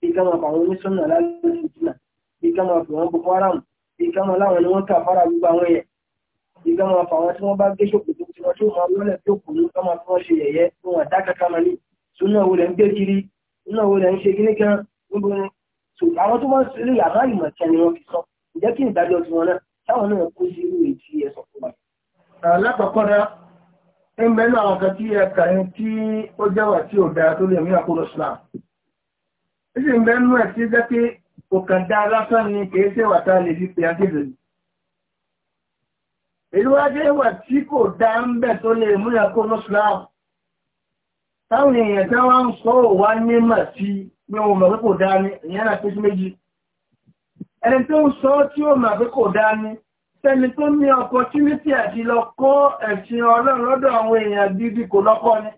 bí ká máa fàwọn oníṣọ́nà aláàlú ìjìnà bí ká máa fàwọn boko haram bí ká máa láwọn ni wọ́n kà fara gbogbo àwọn èèyàn bí ká máa fàwọn tí wọ́n bá gé ṣòkòtò tí wọ́n tó máa lọ́lẹ̀ tí ó kù ní ká máa fi wọ́n ṣe yẹ̀yẹ́ tí wọ́n dá kankan máa ní súnà wo lẹ̀ ń gbé kiri súnà wo lẹ̀ ń ṣe kíní kan níbo ni so àwọn tó máa ń ṣeré àmọ́ ìmọ̀ kan ni wọ́n fi sọ ǹjẹ́ kí ìdájọ́ tiwọn náà táwọn náà kó sí irú èyí tí ẹ sọ fún wa. alákọ̀ọ́kọ́ náà ń bẹ náà kan tí ẹka ní tí ó jẹ́wà tí ò dára tó lè mí àkóró islam ó sì ń bẹ nú ẹ̀ tí jẹ́ pé òkàn lásán ni kìí ṣe wà tá a lè fi pè ákéde èyí wá jẹ́ wà tí kò dá ń bẹ tó lè mú àkóró islam táwọn èèyàn tí wá ń sọ tí ó ní tẹni tó ní opportunity àti lọ kó ẹ̀sìn ọlọ́run lọ́dọ̀ àwọn èèyàn bíbí kò lọ́kọ́ ní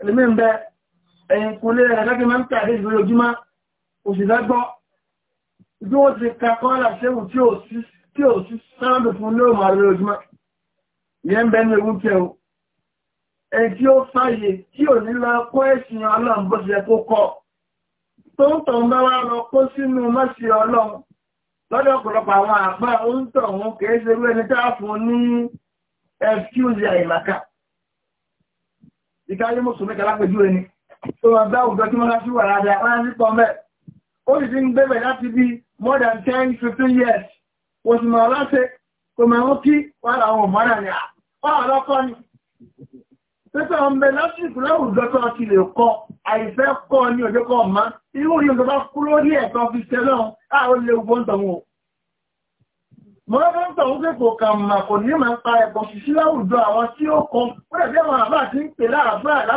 ẹ̀lẹ́mí ń bẹ ẹ̀yìn kúlé rẹ̀ gẹ́gẹ́ máa ń tàbí ìgbèrè ojúmọ́ òṣìlẹ́gbọ́ bí wọ́n ti kakọ́lá ṣéwù tí ò sí sáàdù fún ní òmà rẹ̀ ojúmọ́ ìyẹn ń bẹ ní ewu kẹ́ o ẹni tí ó fàyè tí ò ní lọ kó ẹ̀sìn ọlọ́run bó ṣe kó kọ́ tó ń bá wá lọ kó sínú mọ́sí ọlọ́run lọ́dọ̀ ọ̀pọ̀lọpọ̀ àwọn àpá ń tọ̀ wọn kìí ṣe irú ẹni tá a ní ẹ̀fíùsì àyìnláka ìkáyé mùsùlùmí kalápẹ̀jú ẹni tó máa bá òjò tí wọ́n láti wà rádà wọ́n á pọ̀ mẹ́ ó sì ti ń gbé láti bí more than ten fifteen years kò sì mọ̀ láṣẹ kò mọ̀ ń kí ni Pẹ́pẹ́ ọmọ lásìkò láwùjọ tó ti lè kọ, àìfẹ́ kọ́ ní ọjọ́ kọ́ ọ̀má, irú yóò tó bá kúrò ní ẹ̀tọ́ fi ṣe náà, a ó lè wọ́n tọ̀wọ̀. Mọ́ bá ń tọ̀wọ́ pé kò kà mà kò ní máa pa ẹ̀kọ́ ṣíṣí láwùjọ àwọn tí ó kọ, pẹ́lẹ̀ bí àwọn àbá ti ń pè láàbá ni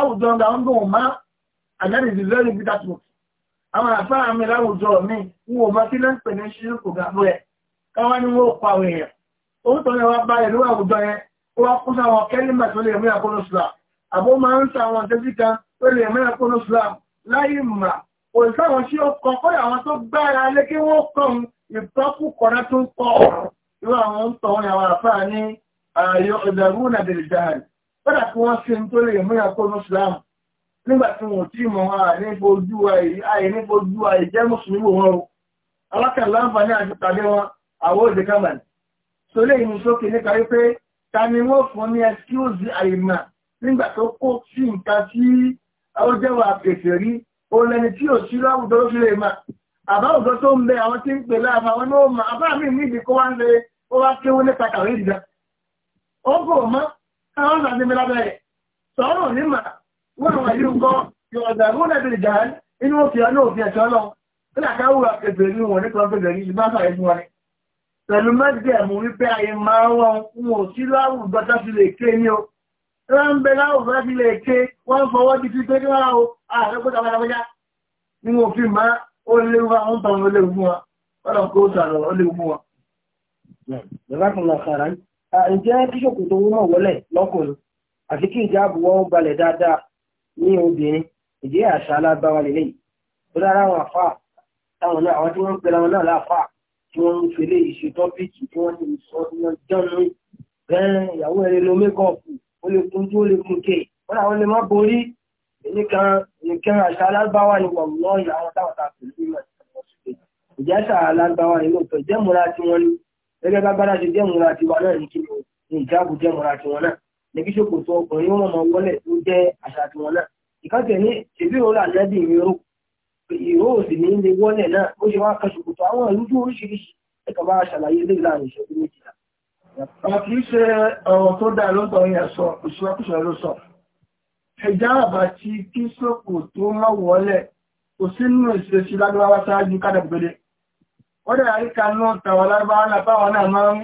wọ́n pa àwọn èèyàn. Ó tọ́ ni wọ́n bá ìlú àwùjọ yẹn, ó wá kún sáwọn kẹ́lí mẹ́tò lè mú àkóló àbọ́ máa ń sàwọn àtẹ́sí kan pẹ̀lú ẹ̀mọ́ ẹ̀kọ́ ní Islam láyé mà kò sáwọn tí ó kọ kọ́ àwọn tó gbára lé kí wọ́n kọ́ ìtọ́kù kọ́ra tó ń kọ́ irú àwọn ń tọ̀ wọn àwọn àfáà ní ààyò ìdàrú nàbẹ̀rẹ̀ jahal kódà kí wọ́n ṣe ń tó lè mú ẹ̀kọ́ ní Islam nígbà tí wọn ò tí mọ̀ nígbà tó kó sí nǹkan tí ó jẹ́wọ́ àpèsè rí ó lẹni tí ò sí láwùjọ ló fi lè mà àbá òjò tó ń bẹ àwọn tí ń pè láàmà wọn ní ó mà àbá mi ní ìdí kó wá ń lè ó wá kéwó nípa kàwé ìdìgbà ó kò mọ́ káwọn ọ̀sán mi lábẹ́ rẹ̀ ní mà wọ́n àwọn yìí ń kọ́ yọ̀ọ̀dà gúnlẹ̀ bìrì jà inú òfin ọ̀nà òfin ẹ̀ṣọ́ lọ nígbà káwọ́ àpèsè rí wọn nípa pẹ̀lẹ̀ rí ìbá fàyè fún wọn pẹ̀lú mẹ́jẹ̀mú wípé ayé máa wọn wọn ò sí láwùjọ tó ránbẹ́ láwọ̀ bá fi lè ké wọ́n fọwọ́ di títẹ́ ní wọ́n àwọn àrẹ́gbọ́ta wáyáwáyá ní wọ́n fi máa ó léwu àwọn tàwọn olè fún wa ọ̀nà kó sàrọ̀ olè fún wa. lọ́lákùnlá sàrà ǹjẹ́ kí ṣòkòtò owó náà wọlé lọ́kùnrin àti kí ìjáàbù wọn balẹ̀ dáadáa ní obìnrin ìdí àṣà alábáwa lélẹ̀ ó dára àwọn àfà táwọn náà àwọn tí wọ́n ń pera wọn náà láàfà tí wọ́n ń fèlè ìṣe tọ́pìkì tí wọ́n ti sọ ọ́n jọ́nù bẹ́ẹ̀ ìyàwó ẹ̀rẹ́ lo mékọ̀ọ̀pù ó lè kúnjú ó lè kúnkè wọ́n àwọn lè má borí nìkan nìkan àṣà alágbáwá ni wọ́n lọ́ ìyá wọn táwọn ta pẹ̀lú ìmọ̀ ìjà àṣà alágbáwá ni lóòótọ́ ìjẹ́múra tí wọ́n ní gẹ́gẹ́ bábára ṣe jẹ́múra tí wọn náà ní kí ni ìjáàbù jẹ́múra tí wọn náà ní kí ṣòkòtò ọkùnrin wọn mọ wọlé tó jẹ́ àṣà tí wọn náà ìkàtẹ̀ ní ṣèbí òun là lẹ́bí ìró ìró òsì ní ilé Wọ́n kìí ṣe ọ̀rọ̀ tó dá lọ́tọ̀ yẹn sọ, ìṣúwákùsọ̀ ló sọ. Ẹja àbàtí kí sókò tó mọ́ wọlé, kò sínú ìṣesí lágbàwá sáájú kádàgbélé. Wọ́n dẹ̀ àríkà náà tàwọn lágbàwá náà báwọn náà máa ń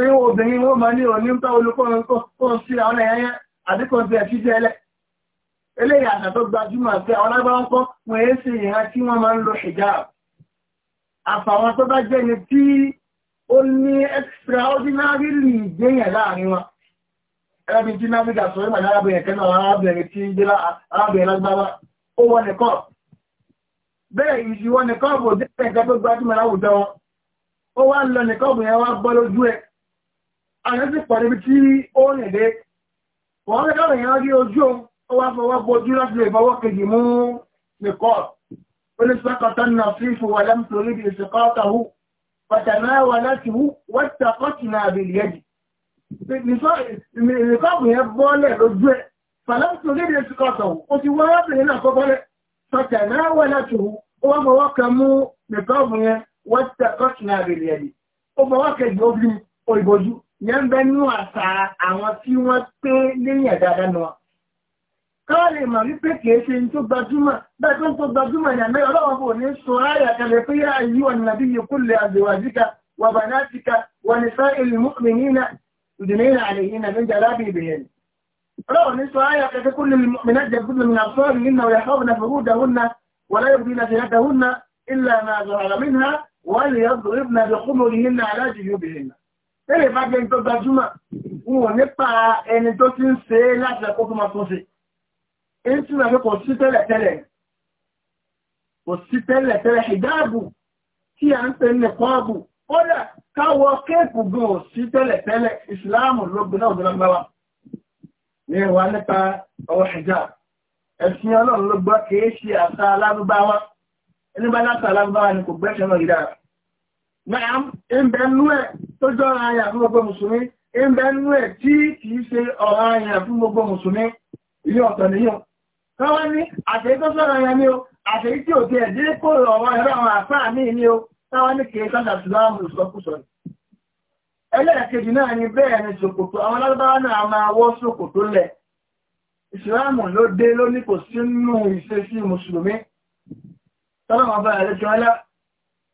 pé obìnrin wọ́n máa ní òní ń tọ́ olùkọ́rin tó ń sí àwọn ẹ̀yẹn àdíkò ti ẹ̀ ṣíṣẹ́ ẹlẹ́ eléyìí àṣà tó gbajúmọ̀ pé àwọn lágbàwọ́n kọ́ wọ́n èé sí ìran tí wọ́n máa ń lo hijab àfàwọn tó bá jẹ́ ni tí ó ní extraordinary ìgbéyàn láàrin wọn ẹlẹ́bí tí náfíkà sọ nígbà lárábìnrin kẹ́nà arábìnrin tí ń gbé arábìnrin lágbàwá ó wọ́n ní kọ́ọ̀ bẹ́ẹ̀ ìṣìwọ́n ní kọ́ọ̀bù jẹ́ nǹkan tó gbajúmọ̀ láwùjọ wọn ó wá ń lọ ní kọ́ọ̀bù yẹn wá bọ́ lójú ẹ̀ àyẹ́ sì pàdé bí tí ó rìn dé wọ́n rẹ̀ káwọn èèyàn rí ojú ó wá fọwọ́ bojú láti lè fọwọ́ kejì mú nìkọ́ ó ní sọ́kọ̀tà nà fífò wà lẹ́m torí bí ìsìnkọ́ta hù pàtàkì wà láti hù wọ́tà kọ́tì náà bì lẹ́jì yẹn ń bẹ nínú àṣà àwọn tí wọ́n pé léyìn ẹ̀dáadáa nù wọn. káwọn lè mọ̀ wípé kìí ṣe ní tó gbajúmọ̀ bẹ́ẹ̀ tó ń tó gbajúmọ̀ ní àmì ọlọ́wọ́ bò ní sọ ayà kalẹ̀ pé yá ayé wọn nàbí yìí kú lè àzèwàjíkà wà bànátìkà wà ní sá ilé mọ́kùnrin ìdìnnìyàn àlè yìí nàbí jàdábì ìbìyẹn. ọlọ́wọ́ ní sọ ayà kalẹ̀ kú lè mọ́kùnrin ìdìnnìyàn àlè yìí tẹ́lẹ̀ bá jẹ́ tó gbajúmọ̀ wọn nípa ẹni tó ti ń ṣe láti ẹ̀kọ́ tó máa tún ṣe èyí tí wọ́n kò sí tẹ́lẹ̀ tẹ́lẹ̀ kò sí tẹ́lẹ̀ tẹ́lẹ̀ ìdáàbò tí a ń pè ní kọ́ọ̀bù kódà káwọ kéèkù gan ò sí tẹ́lẹ̀ tẹ́lẹ̀ ìsìláàmù ló gbé náà gbọ́dọ̀ gbáwa ní ìwà nípa ọwọ́ hijab ẹ̀sìn ọlọ́run ló gbọ́ kìí ṣe àṣà alárúbáwá ẹni bá láṣà alárúbáwá ni kò gbẹ́sẹ̀ náà yìí dára náà ìbẹ̀nú ẹ̀ tó jọ ọ̀rọ̀ ayà fún gbogbo mùsùlùmí ìbẹ̀nú ẹ̀ tí kìí ṣe ọ̀rọ̀ ayà fún gbogbo mùsùlùmí ilé ọ̀tọ̀ nìyàn káwọn ní àṣẹ tó sọ̀rọ̀ ayà ni o àṣẹ tí ò ti ẹ̀dí kó ọ̀rọ̀ ẹ̀rọ àwọn àfáà ní ni o káwọn ní kìí sọ́jà sùlámù ìsọkúsọ ni bẹ́ẹ̀ ni ṣòkòtò àwọn alágbára náà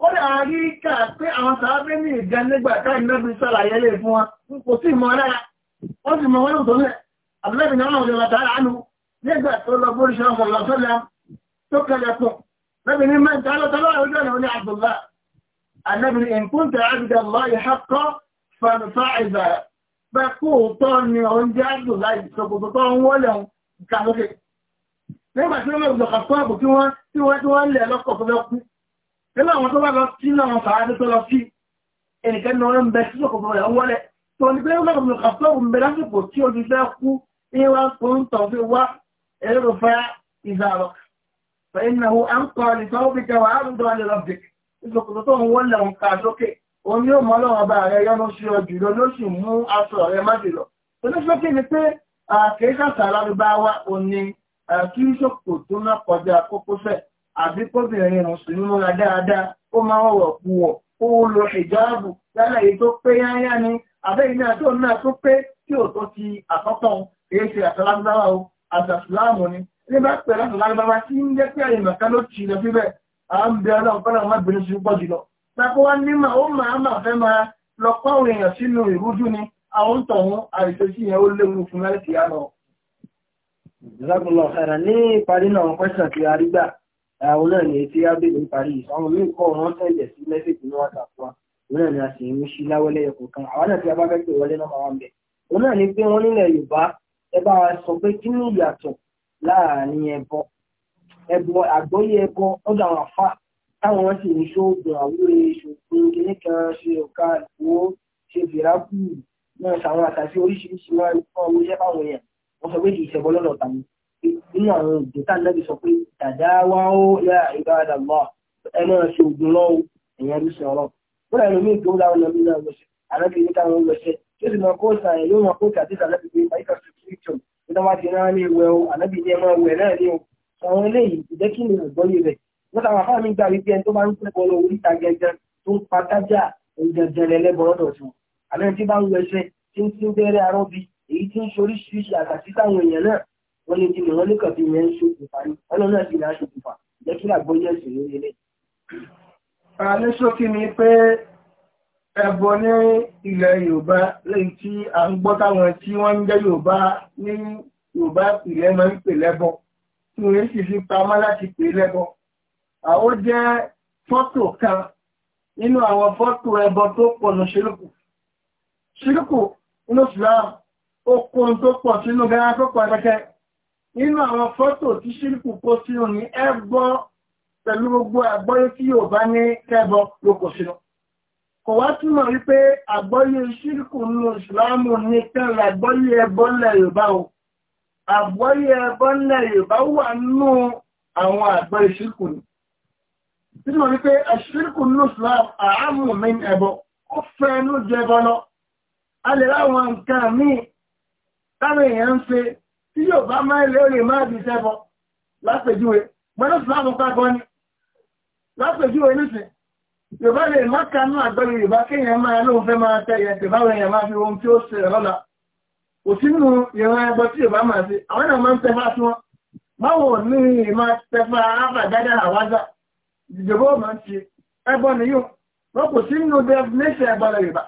kọ́lẹ̀ àríkà pé àwọn sàábé ní ìgbà nígbà táì lẹ́bí sàlàyé lè fún wa kò sí mọ́ lára wọ́n sì mọ́ wọ́n tó lẹ̀ àbúlẹ́bì náà wọ́n lọ́wọ́ tààrà ánú nígbà tó lọ bó ṣe ọmọ lọ́sọ́lá tó kẹlẹ̀ pọ̀ lẹ́bì ní mẹ́ta lọ́tọ́lọ́ ojú ọ̀nà oní àbdùlá àlẹ́bì ní ìkúntà àbdà lọ́yì hákọ́ fanfà ìzà bá kó tọ́ ni oúnjẹ nínú àwọn tó bá lọ sí náà wọn fàájú tó lọ sí ẹnìkan náà wọn bẹ sí ọkọ̀ rẹ̀ wọlé tó ní pé wọn kò kà fún òun bẹ lásìkò tí ojú fẹ́ kú ní wá kó ń tọ̀ fi wá ẹ̀rọ fẹ́ ìzàrọ̀ fẹ́yìn náà ó ń kọ́ ní sọ́wọ́ fi jẹun àrùndọ́ alẹ́ lọ bẹ̀ ìṣòkòtò tó ń wọlé òun kà sókè òun yóò náà kọjá kókósẹ̀ àbí kóbìnrin rùn sí múra dáadáa ó máa wọ̀wọ̀ kú wọ̀ ó lo ìjáàbù lálẹ́ èyí tó pé yáyá ni àbẹ́ ilé àti òun náà tó pé tí ò tó ti àkọ́kọ́ èyí ṣe àtàlágbára o àtàsùláàmù ni ní bá pẹ̀lú àtàlágbára tí ń jẹ́ pé àyè màkà ló ti lọ síbẹ̀ à ń bẹ ọlọ́run pẹ́lú àwọn obìnrin sí pọ̀ jùlọ. Tako wá ní mà ó máa mà fẹ́ máa lọ kọ́ èèyàn sínú ìrújú ni àwọn ń tọ̀hún àìsèṣì yẹn ó léwu fún láìsí àná. Ìjọba ní ìparí náà àwọn náà ni tí ábẹ́lẹ̀ ń parí yìí àwọn míì kọ́ wọn tẹ̀lẹ̀ sí mẹ́sẹ̀jì ní whatsapp wa òun náà ni a sì ń ṣí láwọlé ẹ̀kọ́ kan àwọn náà tí a bá fẹ́ pè wọlé náà máa wà ń bẹ̀ òun náà ni pé wọ́n nílẹ̀ yorùbá ẹ bá wa sọ pé kí ni ìyàtọ̀ láàrin ẹbọ ẹbọ àgbọ́yé ẹbọ ọ̀dọ̀ àwọn àfa táwọn wọn sì ń ṣoògùn àwúre ṣoògùn kíní kan ṣe ọ̀ka ìwó ṣe fìrákù náà ṣàwọn àtàṣe oríṣiríṣi wọn ń fọ owó iṣẹ́ fáwọn èèyàn wọ́n sọ pé kì í ṣẹbọ lọ́dọ̀ tàwọn nínú àwọn ògùn tá nẹ́bí sọ pé tàdáwá ó yá ìbáradà lọ ẹ máa ṣe ògùn lọ́wọ́ èèyàn ló ṣe ọ̀rọ̀ bóyá ẹnu mi tó láwọn ẹnu náà lọ ṣe àlọ́kì ní káwọn lọ ṣe tó sì máa kó sàn ẹ̀ yóò máa kó tàbí sàlẹ́bí pé máìkà subscription tó dáwà ti náà ní ìwẹ̀ o àlẹ́bí ní ẹ máa wẹ̀ náà ní o àwọn eléyìí ìjẹ́ kí ni ìgbọ́yé rẹ̀ wọ́n táwọn afá mi gbà wípé ẹni tó bá ń pẹ́kọ̀ lọ orí ta gẹ́gẹ́ tó ń pa tájà ìjẹ̀jẹ̀rẹ̀ lẹ́bọ̀rọ̀ dọ̀tí wọn àlẹ́ tí bá ń wẹṣẹ́ tí ń tí ń bẹ́rẹ̀ arọ́bí èyí tí ń ṣoríṣiríṣi àtàtí táwọn èèyàn náà wọ́n ní kí ni wọ́n ní kàfí yẹn ń ṣokùnfà ní ọlọ́run náà sì ní aṣokùnfà jẹ́ kí àgbóyè sí lórí ilé. ní ṣókí ni pé ẹbọ ní ilẹ̀ yorùbá lẹ́yìn tí a ń gbọ́ táwọn tí wọ́n ń jẹ́ yorùbá ní yorùbá ìpìlẹ̀ máa ń pè lẹ́bọ tí wọ́n sì fi pamọ́ láti pè lẹ́bọ. àwọn jẹ́ fọ́tò kan nínú àwọn fọ́tò ẹbọ tó pọ̀ ní ṣírùkù ṣírùkù inú islam ó kó ohun tó pọ̀ sínú gẹ́gẹ́ tó pọ̀ kẹ́kẹ́ nínú àwọn fọ́tò tí ṣílùkù kó sínú ní ẹgbọ́ pẹ̀lú gbogbo àgbọ́yé tí yóò bá ní kẹbọ ló kò sínú kò wá túmọ̀ wípé àgbọ́yé ṣílùkù nínú ìsìláàmù nìkan làgbọ́yé ẹbọ ńlẹ̀ yorùbá o àgbọ́yé ẹbọ ńlẹ̀ yorùbá wà nínú àwọn àgbọ́yé ṣílùkù ni nínú wípé ṣílùkù nínú ìsìláàmù àámù mi ẹbọ ó fẹ́ inú jẹbọ lọ a lè ráwọn nǹkan míì táwọn èèyàn ń ṣe tí yóò bá máa lé ó lè máa bí sẹ́bọ̀ lápèjúwe gbọ́dọ̀ fúláàmù pápọ̀ ni lápèjúwe nísìn yorùbá lè má kanú àgbẹ̀rẹ̀ yorùbá kéèyàn máa lóun fẹ́ máa tẹ̀yẹ tẹ̀báwọn èèyàn máa fi ohun tí ó ṣe lọ́la kò sínú ìran ẹgbẹ́ tí yorùbá máa ṣe àwọn náà máa ń tẹfà sí wọn báwo ní ìmọ̀ tẹfà ábàdájà àwájá ìjọba ò máa ń ṣe ẹgbọ́n nìyó wọn kò sínú definition ẹgbọ́n yorùbá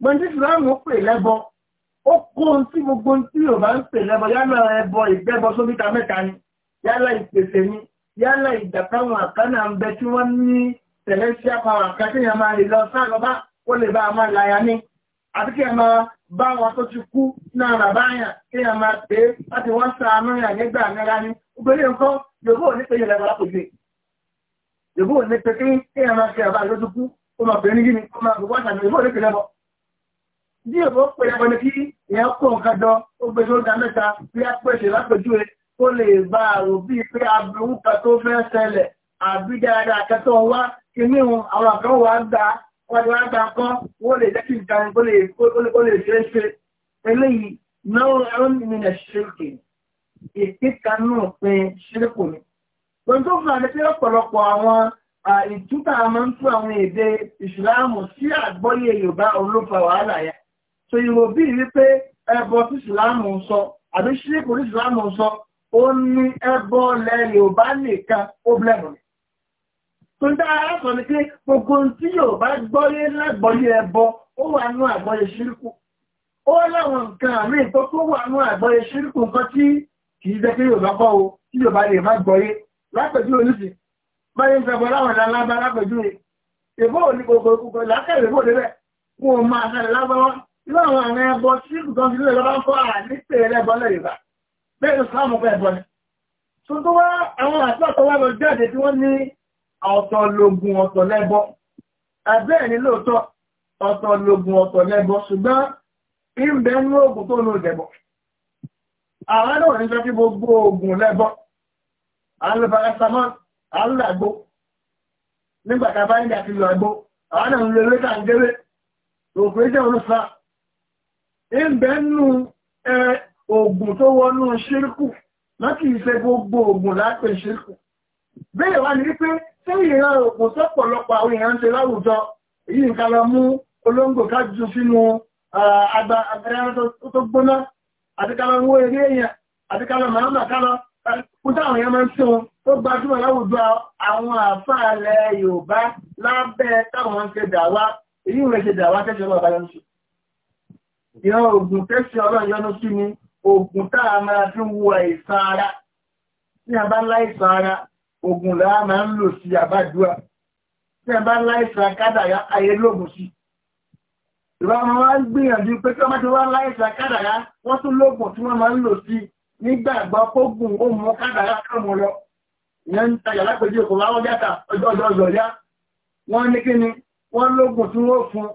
gbọ́ndí ìsìlámù pè lẹ́gbọ́n ó kó ohun tí gbogbo tí yóò bá ń pè lẹ́bọ yálà ẹbọ ìgbẹ́bọ sóbítà mẹ́ta ni yálà ìpèsè ni yálà ìgbà táwọn àkánà ń bẹ tí wọ́n ní tẹ̀lẹ́síà pàwọn àkàtìyàn máa lè lọ sáà lọ́bá ó lè bá a máa láya ní àti kí ẹ máa bá wọn tó ti kú náà ràbáyà kí ẹ máa pé láti wọ́n sàánú yà nígbà mẹ́ra ní obìnrin nǹkan yòówó ò ní pé yẹlẹ bàbá gbé yòówó ò ní pé kí ẹ máa fi àbá bí èbó pè é wọlé kí èèyàn kó nǹkan jọ ó gbé tó da mẹ́ta bí a pèsè lápèjúwe ó lè bá àrò bíi pé aburú kan tó fẹ́ ṣẹlẹ̀ àbí dáadáa kẹtọ́ wá kíní ìhun àwọn àkàn wà gbà wọ́n ti wá gbà kọ́ wọ́n lè jẹ́ kí nǹkan ó lè ṣe é ṣe eléyìí náà ẹ̀rọ nìyẹn ṣèkè ìkíkà náà pin ṣírìkù ni. Ohun tó fà ní pé ọ̀pọ̀lọpọ̀ àwọn ìtúkà máa ń tú àwọn èdè ìsìláàmù sí àgbọ́yé Yorùbá olófa wàhálà yẹn so ìrò bí wípé ẹbọ tí ìsìláàmù ń sọ àbí ṣíríkù tí ìsìláàmù ń sọ ó ní ẹbọ lẹ yorùbá nìkan ó blẹ̀mù ni tó ń dára sọ ni pé gbogbo tí yorùbá gbọ́yé lágbọ́yé ẹbọ ó wà nú àgbọ́yé ṣíríkù ó láwọn nǹkan àmì tó tó wà nú àgbọ́yé ṣíríkù nǹkan tí kìí jẹ́ pé yorùbá kọ́ o tí yorùbá lè má gbọ́yé lápẹ̀jú oníṣì báyé ń fẹ́bọ̀ láwọn ìlànà lábá lápẹ̀jú rẹ̀ èbó ò ní gbogbo lákẹ̀rẹ̀ èbó débẹ̀ wọn ò máa sáré láwọn àwọn ẹbọ tí kùtọ́ sí ilé lọ́bá ń kọ́ àà ní pé ẹlẹ́bọ lẹ́yìnbá bẹ́ẹ̀ sáàmù pé ẹbọ ni tó tó wá àwọn àtọ́tọ́ wá lọ jáde tí wọ́n ní ọ̀tọ̀ lògùn ọ̀tọ̀ lẹ́bọ abẹ́ẹ̀ ni lóòótọ́ ọ̀tọ̀ lògùn ọ̀tọ̀ lẹ́bọ ṣùgbọ́n ìbẹ̀ ń lóògùn tó lò jẹ̀bọ̀ àwọn náà ní sọ kí gbogbo oògùn lẹ́bọ alùpàràsàmọ́ alùlàgbó nígbà tá a bá ń dà sí lọ ẹ̀gbó àwọn náà ń lo ewé tá à ń ìbẹ̀nú oògùn tó wọnú ṣírkù láti ìṣẹ́ gbogbo oògùn lápẹ̀ ṣírkù bẹ́ẹ̀ wá ní wípé tí ìran oògùn sọ́pọ̀lọpọ̀ àwọn èèyàn ṣe láwùjọ èyí nǹkan lọ mú olóńgbò kájú sínú agbẹ̀rẹ̀ tó gbóná àtikálọ̀ ń wó eré èèyàn àtikálọ̀ màámà kálọ̀ kúta àwọn èèyàn máa ìran ogun tẹ́sí ọlọ́run yọ́nú sí ni oògùn a máa fi wo àìsàn ara tí a bá láìsàn ara ogun làá máa ń lò sí àbádùá tí a bá láìsàn kádàrá ayé lóògùn sí ìrọ̀rùn wá gbìyànjú pé kí ti wá láìsàn tún lóògùn tí máa ń lò sí nígbàgbọ́ kógùn lọ ìyẹn ń tajà lápèjì òkú játa ni lóògùn tí fún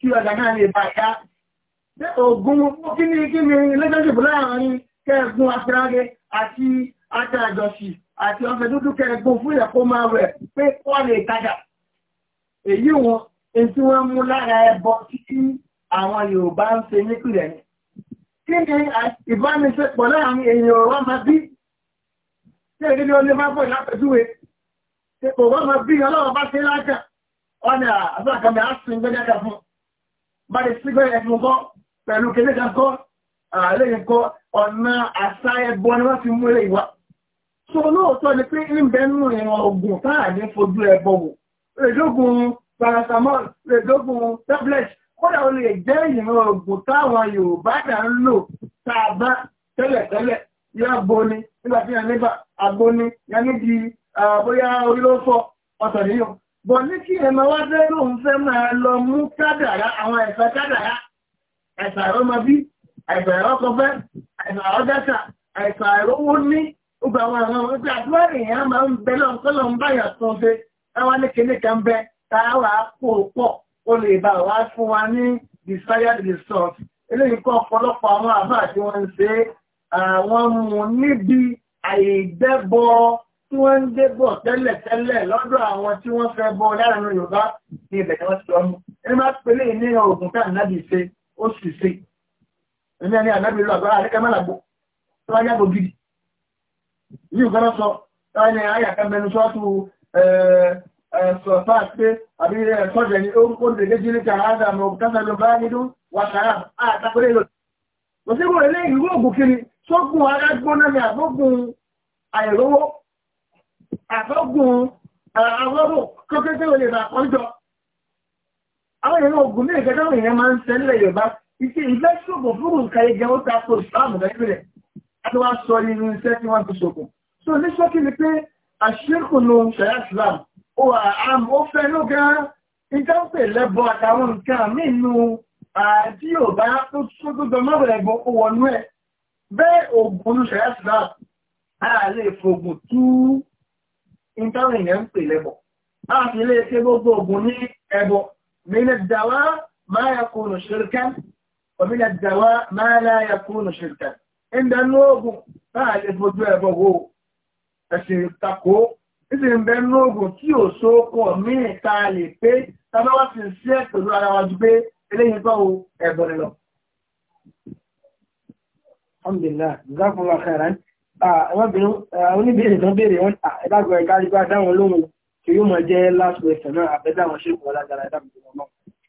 kí ọjà náà Ògùn kíni kíni relationship láàrin kẹ́ẹ̀gùn aṣíráge àti àtàjọsì àti ọ̀fẹ́ dúdú kẹ́ẹ̀gùn fún ìyẹ̀kó máa rẹ̀ pé wọ́n lè tajà. Èyí wọn, èyí tí wọ́n mú lára ẹbọ títí àwọn Yorùbá ń ṣe nípìnlẹ̀ ni. Kí ni ìbánisẹ́pọ̀ láàrin èèyàn ọ̀rọ̀ máa bí? Ṣé ìdílé olè máa pọ̀ ìlápẹ̀júwe? Ṣé kò wọ́n máa bí ọlọ́run bá ṣe lájà? Ọ̀nà àbúràkàmì á sin pẹ̀lú kẹlẹ́gà kọ́ àlẹ́yìn kọ́ ọ̀nà àṣà ẹbọ ni wọ́n fi mú ilé ìwà so lóòótọ́ ni pé ń bẹ nínú ìran ogun táà ní fojú ẹbọ wò lèdógún paracetamol lèdógún tablet kódà ó lè jẹ́ ìran ogun táwọn Yorùbá dà ń lò tá a bá tẹ́lẹ̀tẹ́lẹ̀ yá gbóni nígbà tí yàn nígbà agbóni yàn níbi bóyá orílọ́fọ́ ọ̀sán níyàn bọ̀ ní kí ẹ̀mọ́ wá fẹ́ lóun fẹ́ máa lọ mú kádàrá àwọn ẹ̀fẹ́ kádàrá àìsàn àìrọ́mọbí àìsàn àìrọ́kọfẹ́ àìsàn àìrọ́dẹ́sà àìsàn àìrówó ní gbogbo àwọn àwọn ọmọ pé àdúrà èèyàn máa ń bẹ lọ́nkọ́lọ́ ń báyà tún ṣe táwa ní kinní kan bẹ táwa kó pọ̀ ó lè bá wa fún wa tí wọ́n ń débọ̀ tẹ́lẹ̀tẹ́lẹ̀ lọ́dọ̀ àwọn tí wọ́n fẹ́ bọ láàrin Yorùbá ní ilẹ̀ wọ́n ti lọ mú máa pèlè ní oògùn tá à ń ṣe ó sì ṣe ẹni àní ànábìlú àgbára àríkà mẹ́làgbó tó wá gidi ní ìgbọ́nà sọ táwọn ẹni àyàkà mẹnu sọ́ọ̀tù sọ̀fà pé àbí sọ́jẹ̀ ní orúkọ ìdèdè jírí kan ádámù kásàlù bá nínú wàṣàrà àtàkùnrin lò kò sí wọn ilé ìlú ògùn kiri sógun arágbóná ni àgbógun àìrówó àgbógun àwọ́rò kékeré olè bá àwọn èèyàn ogun ní ìgbẹ́jọ́ èèyàn máa ń tẹ́lẹ̀ Yorùbá iṣẹ́ ìfẹ́ ṣògùn fúrù nǹkan ẹgbẹ́ ó tako ìsáàmù lẹ́gbẹ̀rẹ̀ láti wá sọ irú iṣẹ́ tí wọ́n ti ṣògùn so ní ṣókí ni pé àṣírkù nu ṣẹ̀yà Islam ó àm ó fẹ́ ló gan nǹkan pè lẹ́bọ àtàwọn nǹkan míì nu àti Yorùbá tó gbọdọ̀ mọ́bẹ̀rẹ̀ bọ ó wọnú ẹ̀ bẹ́ẹ̀ ogun nu ṣẹ̀yà Islam a lè fògùn tú nǹkan èèyàn ń pè من الدواء ما يكون شركا ومن الدواء ما لا يكون شركا عند النوب فهل فجوة بغو الشركة ìsìn bẹ ní ogun tí ò so kọ míì ta lè pé tàbí wá sí sí ẹ pẹ̀lú ara wa ju pé eléyìí tó wo ẹ̀bùn lọ. alhamdulillah jazakumullah khairan oníbèrè tó béèrè wọn ẹ̀dá gbọ́ ẹ̀ka rí pé adáwọn olóhùn tí yóò mọ̀ jẹ́ last question náà àbẹ́dá àwọn ṣe kọ̀ lágbára ìdábòbò náà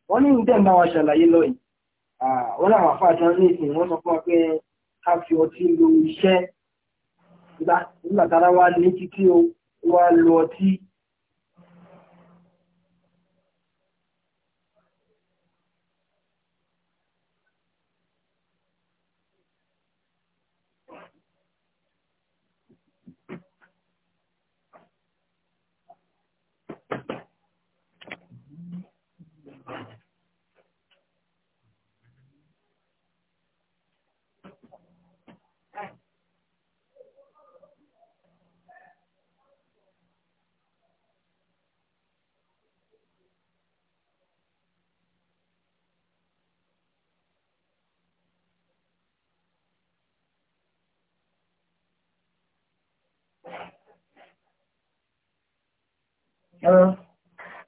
wọ́n ní ìdẹ́ bá wa ṣàlàyé lọ́yìn wọ́n làwọn afá àti àwọn ìsìn wọ́n sọ fún wa pé ká fi ọtí lo iṣẹ́ nígbà tára wa ní títí o wa lo ọtí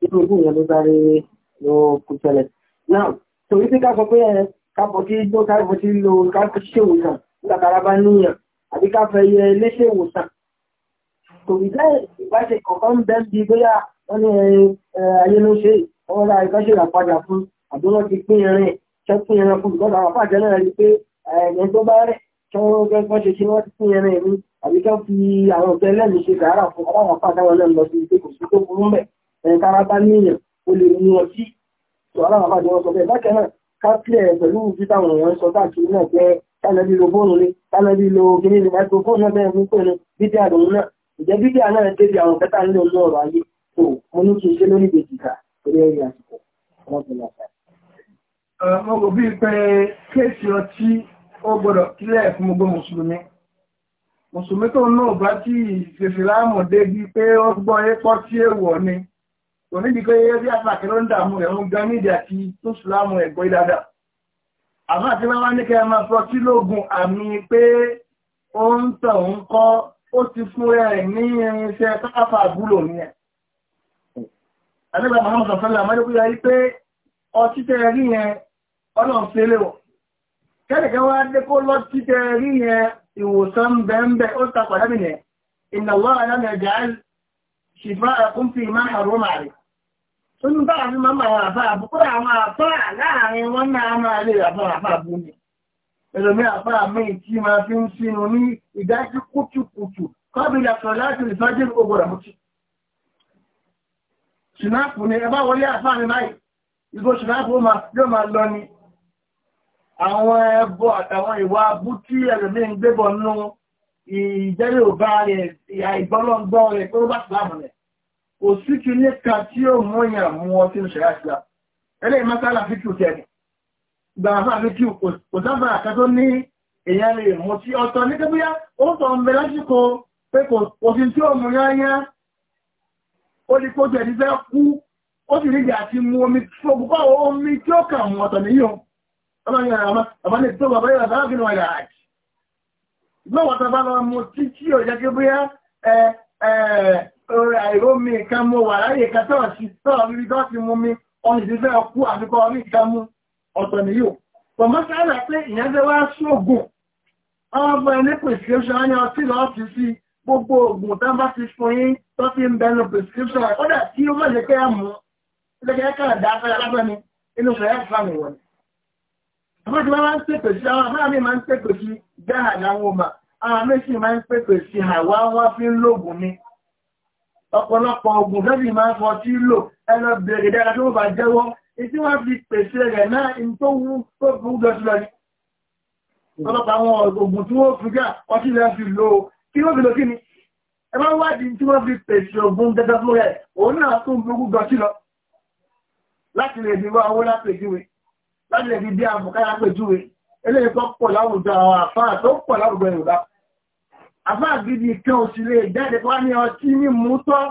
Irú ojú ìyẹn ló sáré ló kú sẹlẹ̀. Náà, torí pé ká sọ pé ẹ kápọ̀ tí ló kápọ̀ tí lo kápọ̀ ṣe ìwòsàn látara bá níyàn àbí ká fẹ́ yẹ léṣe ìwòsàn. Torí jẹ́ ìbáṣe kọ̀ọ̀kan bẹ́ẹ̀ bí bóyá wọ́n ní ayé ló ṣe ọwọ́ láì kan ṣe ìràpadà fún àdúrà ti pín irin ṣe pín irin fún ìgbọ́dọ̀ àwọn àpàjẹ́ náà rí pé ẹ̀yìn tó bá rẹ̀ ṣọ́wọ́ gẹ́gẹ́ ṣe ṣe wọ́n ti pín irin mi àbí ká fi àwọn ọ̀tẹ́ lẹ́nu ṣe gàárà fún aláwọn pàdáwọn lẹ́nu lọ sí ìpé kò sí tó burú mẹ́ ẹ̀yìn kára bá níyàn ó lè mú wọn sí tó aláwọn pàdé wọn sọ bẹ́ẹ̀ bákan náà ká kílẹ̀ pẹ̀lú bí táwọn èèyàn sọ káàkiri náà pé tánàbí lo fóònù ni tánàbí lo kíní ni microphone náà bẹ́ẹ̀ fún pé ní bídí àdùn náà ìjẹ́ bídí àná ẹ̀ débi àwọn kẹta nílò ní kílẹ̀ fún gbogbo mùsùlùmí mùsùlùmí tó náà bá tí ìsìláàmù débi pé ó gbọ́ ẹ́pọ́ tí èèwọ̀ ni kò níbi pé yẹ́ bí àtàkẹ́ ló ń dààmú rẹ̀ ń gan nídìí àti tó sùláàmù ẹ̀gbọ́ ìdádà àbá àti wọ́n wá ní kẹ́ ẹ máa sọ kí lóògùn àmì pé ó ń tọ̀ ń kọ́ ó ti fún ẹ̀ ní irinṣẹ́ káfà àbúlò ní ẹ̀ àdébà Muhammad sọ̀fẹ́lá mọ́lẹ́kúyà yí pé ọtí tẹ́ rí yẹn ọlọ́run fẹ́lẹ̀ wọ̀ kẹ́nìkan wá dé kó lọ títẹ rí yẹn ìwòsàn bẹ̀ẹ̀bẹ̀ ó takọ̀ lábìnẹ̀ inna Allaha lam yaj'al shifa'akum fi ma harrama alaykum sónú bá àwọn máa máa àfá àbúkọ́ àwọn àfá láàrin wọ́n náà máa lè àfá àfá bú ní ẹlòmí àfá àmì tí máa fi ń sínú ní ìdájí kútùkùtù kọ́bílà sọ láti ìfọ́jú ògbòrò mútù ṣùnáàpù ni ẹbá wọlé àfá mi báyìí ìgbò ṣùnáàpù yóò máa lọ ni àwọn ẹbọ àtàwọn ìwà abú tí ẹlòmí ń gbébọ̀ nú ìjẹ́lẹ̀ ò bá rẹ̀ àìgbọ́lọ́gbọ́ rẹ̀ tó bá sàmù rẹ̀ kò sí kí ní ká tí ó mú yàn mú ọ sínú ṣẹ̀rá ìṣẹ́lá ẹlẹ́ ìmọ́sálà fíkù tẹ̀lẹ̀ gbàmàfà fíkù kò sáfà àkà tó ní èèyàn lè mú tí ọ̀tọ̀ ní kébúyá ó sọ ń bẹ lásìkò pé kò sí tí ó mú yányá ó ní kó jẹ̀ nífẹ́ kú ó sì rí ìjà àti mú omi fòkúkọ́ omi tí ó kà mú ọ̀tọ̀ níyàn ọlọ́run àmọ́ àmọ́ ní tó bàbá yóò sáà kìnnà ìlà àjì ìgbọ́n wọ́n tọ́ba lọ mo tí tí ò jẹ́ kí bóyá ẹ ẹ àìrómi kan mo wà láyè kan tó ọ̀sì tó ọ̀rí o pọ̀ mọ́sálà pé ìyẹn fẹ́ wá sóògùn ọmọ ẹni prescription ní ọtí lọ ti sí gbogbo oògùn tó bá ti fún yín tó ti ń bẹnu prescription ọ̀dà tí ó mọ̀ lẹ́kẹ́ mú lẹ́kẹ́ kàn dá fẹ́ inú sọ̀rọ̀ àwọn tí wọ́n máa ń pèpè sí àwọn àmì máa ń pèpè sí gáà láwọn ọmọ àwọn méjì máa ń pèpè sí àwa wọn fi ń lògùn ni ọ̀pọ̀lọpọ̀ ogun lọ́bì máa ń fọ́ tí lò ẹlọ bèèrè dára tó bá jẹ́wọ́ ìtí wọ́n fi pèsè rẹ̀ náà in tó wú tó bú gọ́sí lọ ní ọlọ́pàá àwọn ogun tí wọ́n fi gá ọtí lẹ́ fi láti lè dìbò àwọn lápèjúwe láti lè fi bí àbùkáyà pèjúwe eléyìí tó pọ̀ láwùjọ àwọn àfáà tó pọ̀ láwùjọ Yorùbá àfáà gidi kan ò sì lè jáde kó wá ní ọtí ní mú tọ́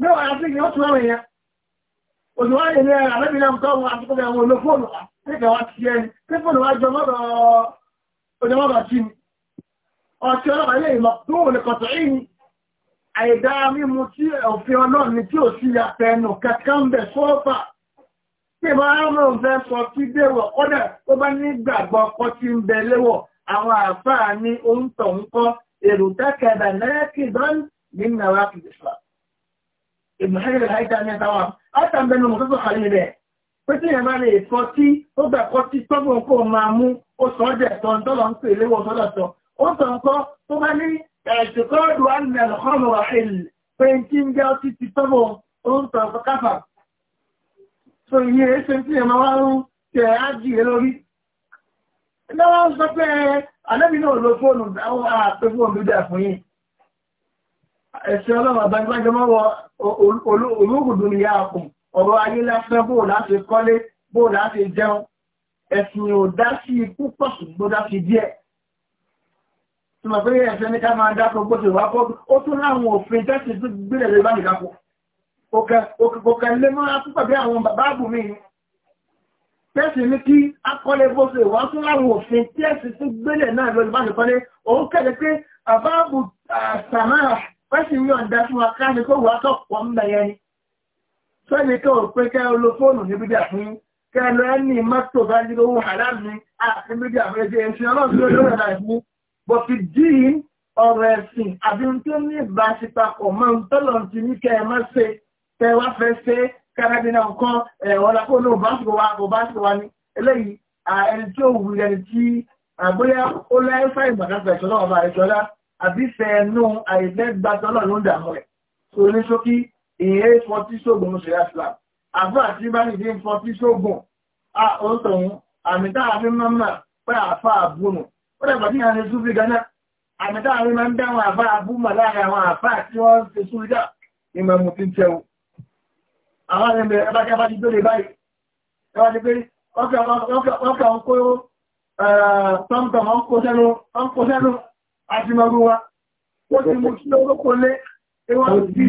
mẹ́wàá àti ìyẹn ó tún àwọn èèyàn òṣùwọ́n àyè ní àrẹ́bí náà tó wọn àti kọ́bẹ̀ àwọn olófóònù nígbà wá ti ẹni pé fóònù wá jọ mọ́rọ̀ tí ni ọtí ọlọ́pàá ilé ìmọ̀ tó wọlé kọ̀tọ̀ ìní àìdá mímu tí òfin ọlọ́run ni tí ò sí yàtẹnu kẹkẹ́ ń bẹ̀ sọ́ọ̀fà Ìbá ọlọ́run fẹ́ sọ kí déwọ̀ kọ́dà tó bá nígbàgbọ́ ọkọ tí ń bẹ léwọ̀ àwọn àfáà ní oúntọ̀ ń kọ́ èrò tákẹ́dà lẹ́ẹ̀kì dán ní nàrà kìdìsà. Ìbùsẹ́lẹ̀ láìta ní ẹ̀ta wà. Átàbẹ̀nu mọ̀ tó kàlí rẹ̀. Pé tí ìyẹn bá lè sọ tí ó gbà kọ́ tí tọ́gbọ̀n kò máa mú ó sọ ọ́ dẹ̀ tọ́ tọ́lọ̀ ń pè so iye ṣe tí ẹmọ wá ń tẹ ájìyẹ lórí lọ́wọ́ ń sọ pé alẹ́bí náà lo fóònù àwọn àpẹ fóònù dídà fún yìí ẹ̀ṣẹ́ ọlọ́run àbájúmájọmọ́ wọ olóògùdù ni yá ọkùn ọ̀rọ̀ ayé lásán bóò láti kọ́lé bóò láti jẹun ẹ̀sìn ò dá sí ikú pọ̀ ṣùgbọ́n dá sí díẹ̀ tí mo pé ẹ̀ṣẹ́ ní ká máa dákọ̀ gbọ́sẹ̀ wá pọ̀ ó tún láwọn òfin tẹ́sí gbígbélẹ̀ lórí bá nìkan òkèkòkè lè mọ́ púpàbí àwọn bàbá àbù mi tẹ́sì ní kí akọ́lẹ̀ bó ṣe wá fún láwọn òfin tẹ́sì tó gbélẹ̀ náà lọ ìbánikọ́lé òun kẹ́lẹ̀ pé bàbá àbù samara fẹ́sì ní ọ̀dá fún akáni kó wà tọ̀pọ̀ ń bẹ̀yẹ ni sẹ́ni tó pé kẹ́ ló fóònù níbi dà fún kẹ́ lọ ẹni mọ́tò bá ní owó haram ni àti níbi dà fún ẹgbẹ́ ẹ̀sìn ọlọ́run tó lórí ẹ̀dá ìfún bọ̀tì dín ọ̀rọ̀ ẹ̀sìn àbí tó ní ìbáṣepapọ̀ máa ń tọ́lọ̀ ti ní kẹ́ ẹ má tẹ wá fẹ́ ṣe kárádínà nǹkan ẹ̀wọ́n lápò náà básìkò wa kò básìkò wa ni eléyìí ẹni tí ó wù ẹni tí àgbóyá ó láyé fáì màkàtà ìṣọ́lá ọba ìṣọ́lá àbí fẹ́ẹ̀nú àìlẹ́gbàtọ́lọ̀ ló ń dàmú ẹ̀ tó ní ṣókí èyí fọtí ṣógun ló ṣe láṣìlá àbú àti bá nìdí fọtí ṣógun àtọ̀hún àmì a fi máa ń mà pé àfa àbúnù ó dàgbà tí àwọn ẹ̀sùn fi ganá àmì táà fi máa ń dáwọn àfa àbúmà láàrin àwọn àfa àti wọ́n ṣe súnjá ìmọ̀ mùtí tẹ́wọ́ àwọn ẹgbẹ́ ẹbájá bá ti gbé lè báyìí ẹwà ti pé ọkà ń kó tọ́mtọ̀m ń kó sẹ́nu àti mọ́rú wa ó ti mú sí orókò lé ewọ́n ti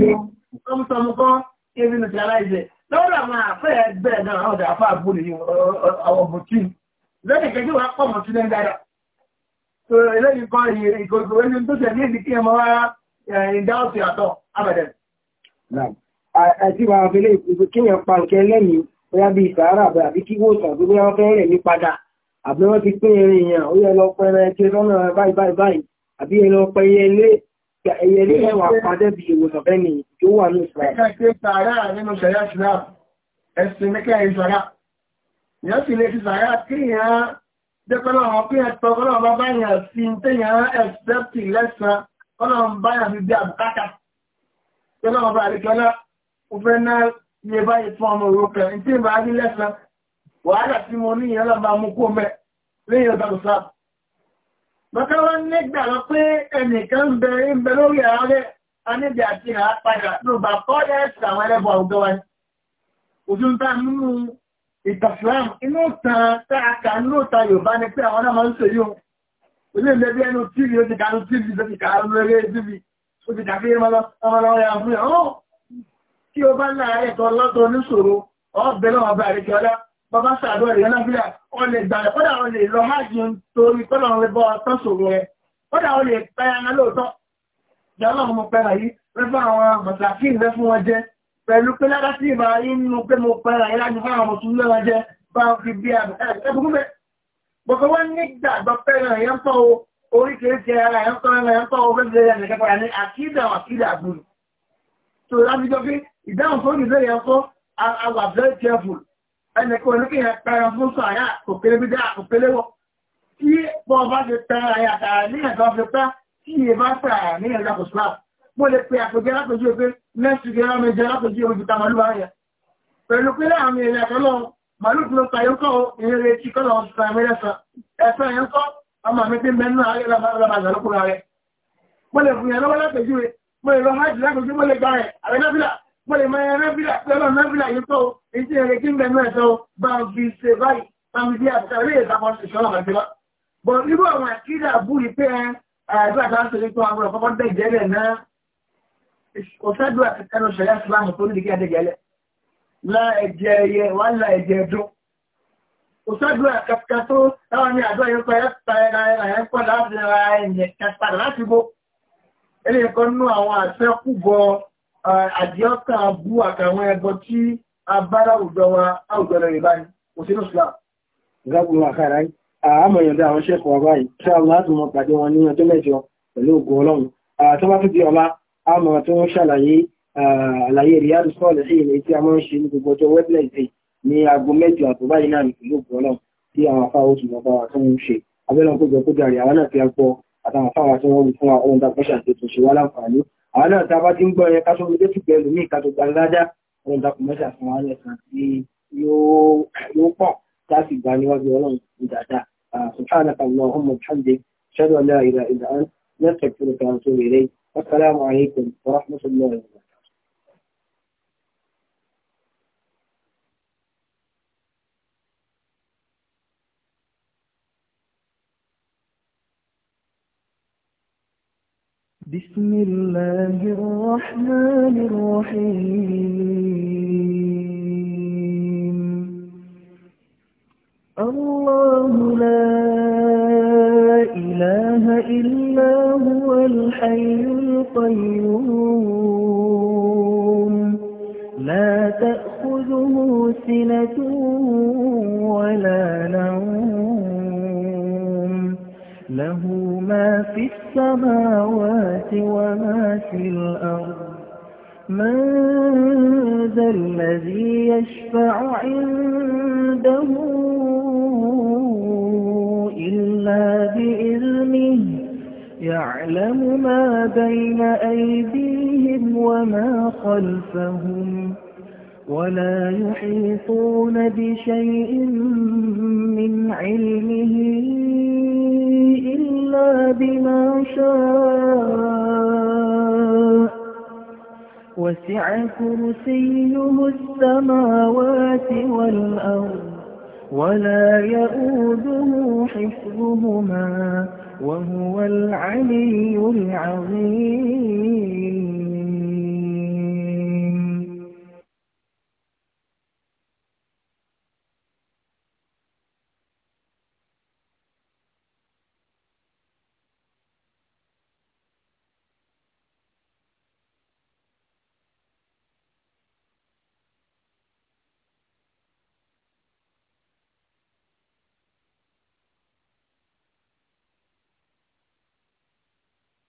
tọ́mtọ̀m kọ́ ebi nìtì aláìsẹ̀ lọ́rọ̀ àwọn àfẹ́ ẹgbẹ́ náà àwọn ọ̀dà àfà àbúlé àwọn bùtí lẹ́yìn kẹjọ wa pọ̀ mọ̀ sí lẹ́yìn dára so eléyìí kọ́ ìkòkò ẹni tó tẹ̀lé ìdíkẹ́ mọ́ wá ìdáwọ̀sì àtọ̀ abẹ̀dẹ̀ àti máa fi lè ìpínlẹ̀ kíyàn pa nǹkan lẹ́mìí bóyá bíi sàárà àbí kí wò sàn tó bóyá wọ́n fẹ́ rẹ̀ ní padà àbí wọ́n ti pín irin èèyàn ó yẹ lọ pẹ́ ẹran ẹkẹ lọ́nà báyìí báyìí báyìí àbí ẹ lọ pẹ́ ẹyẹ ilé ẹyẹ ilé ẹwà padẹ́ bí ìwòsàn fẹ́ ni tó wà ní ìsìláì. ẹ̀sìn mẹ́kẹ́ ìsàrà ìyá sì lè fi sàárà kíyàn dẹ́pẹ́lọ́ àwọn kíyàn tọ́kọ́lọ́ bá báyà sí téèyàn ẹ̀sẹ̀pì lẹ́sàn-án kọ́lọ́ báyà fi bí àbùkátà tọ́lọ́ mo fẹ́ ná iye báyìí fún ọmọ òrukàn ní tí ìbá rí lẹ́sàn wàhálà tí mo ní ìyẹn lọ́ba mú kó mẹ́ lẹ́yìn ọ̀dọ̀ sáà bọ́kẹ́ wọ́n nígbà lọ pé ẹnìkan bẹ ń bẹ lórí ààrẹ aníbi àti àápadà ló bá kọ́lẹ̀ ẹ̀sìn àwọn ẹlẹ́bọ̀ àwùjọ wa òfin ta nínú ìtàfíàm inú tan táàkà nínú ta Yorùbá ni pé àwọn náà máa ń ṣe yóò ilé ìlẹ́bí ẹnu tíìrì ó ti kà ní tíìrì ó ti kà ní eré tíìrì ó ti kà fi ọmọlọ́wọ́ ya fún yàrá tí o bá láàárẹ̀ tọ́ lọ́tọ́ oníṣòro ọ̀bẹ̀ náà ọba àríkẹ́ọ́lá bàbá sàdọ́ ẹ̀rẹ́ lábílà ọlẹ̀ gbàrẹ̀ kọ́dà ọlẹ̀ lọ hajj torí tọ́lọ̀ rẹ̀ bọ́ ọtán ṣòro rẹ̀ kọ́dà ọlẹ̀ pẹ́yàná lóòótọ́ jọ́lọ́ ọmọ pẹ́ra yìí rẹ̀ fún àwọn mọ̀tàkìn rẹ̀ fún wọn jẹ́ pẹ̀lú pé lára sí ìbá inú pé mo pẹ́ra yìí láti fún àwọn mùsùlùmí lọ́wọ́ jẹ́ bá fi bí ẹ̀bùkún bẹ́ẹ̀ bọ̀kọ̀ wọ́n nígbàgbọ́ pẹ́ra yẹn tọ́ oríkèéríkè ara yẹn tọ́ ẹ̀rọ yẹn tọ́ ìdáhùn tó rí lórí ẹ̀kọ́ àwà very careful ẹnìkan oníkèyàn pẹran fún sàárà kò pélé bí dáa kò pélé wọ tí bọ́ bá ti pẹran àyà àtàrà ní ẹ̀dọ́ fi pẹ́ tí iye bá sàárà ní ẹ̀dọ́ kò sílá mo lè pe àpèjẹ alápèjẹ pé next week ẹ̀rọ mi jẹ alápèjẹ ojú ta màlúù ayẹ pẹ̀lú pé láàrin ilẹ̀ ẹ̀kọ́ lọ màlúù tó ta yóò kọ́ ìyẹn rẹ̀ tí kọ́lọ̀ mo lè fún yẹn mo lè lọ hajj lápèjúwe mo lè gbà rẹ̀ àrẹ́gbẹ́fìlà mo lè máa nábìlà pẹ́lọ́ nábìlà yìí tó èyí tí ẹ̀rẹ́ kí ń bẹ̀rẹ̀ tó bá ń fi ṣe báyìí bá ń fi àbúkà lè ìtàkọ́ sí ìṣọ́nà àti wá. bọ̀ nígbà àwọn àkídà bú yìí pé àdúrà tó ń ṣe tó àwọn ọ̀kọ́kọ́ dẹ̀jẹ̀lẹ̀ náà kò sádùn àtẹnu ṣẹlẹ̀ sílámù tó ní kíkẹ́ dẹ̀jẹ̀lẹ̀ la ẹ̀jẹ̀ ẹyẹ wà la ẹ̀jẹ̀ ẹ̀dùn kò sádùn àkàkà tó táwọn ní àdúrà yìí pẹ́ ẹ̀pọ̀ láti ra ẹ̀yẹ̀ kẹta láti bó ẹ̀yẹ̀ kan nú àwọn àṣẹ kú gan-an Eh, àdíọ́kà abú àtàwọn ẹbọ tí a bára àwùjọ wa àwùjọ rẹ̀ báyìí kò sínú sílá. ìgbàgbọ́n àkàrà àmọ̀yàndà àwọn ṣẹ́kọ̀ ọba yìí tí a láti mọ pàdé wọn ní ọjọ́ mẹ́jọ pẹ̀lú ògùn ọlọ́run tó bá tún di ọlá àmọ̀ tó ń ṣàlàyé àlàyé Riyadu Salihin èyí tí a máa ń ṣe ní gbogbo ọjọ́ Wednesday ní aago mẹ́jọ àtọ́bá yìí náà pẹ̀lú ògùn ọlọ́run àwọn náà tá a bá ti ń gbọ́ yẹn káṣọ́ ojú tó pẹ̀lú ní ìkàtò gbàlájá ọ̀rọ̀ ìdàkùnmọ́sà fún wa lẹ́sàn tí yóò pọ̀ láti gbà ọlọ́run dáadáa سبحانك اللهم وبحمدك لا إله إلا أنت نستغفرك ونتوب إليك والسلام عليكم ورحمة الله بسم الله الرحمن الرحيم الله لا إله إلا هو الحي القيوم لا تأخذه سنة ولا نوم له ما في السماوات وما في الأرض من ذا الذي يشفع عنده إلا بإذنه يعلم ما بين أيديهم وما خلفهم ولا يحيطون بشيء من علمه إلا بما شاء وسع كرسيه السماوات والأرض ولا يؤوده حفظهما وهو العلي العظيم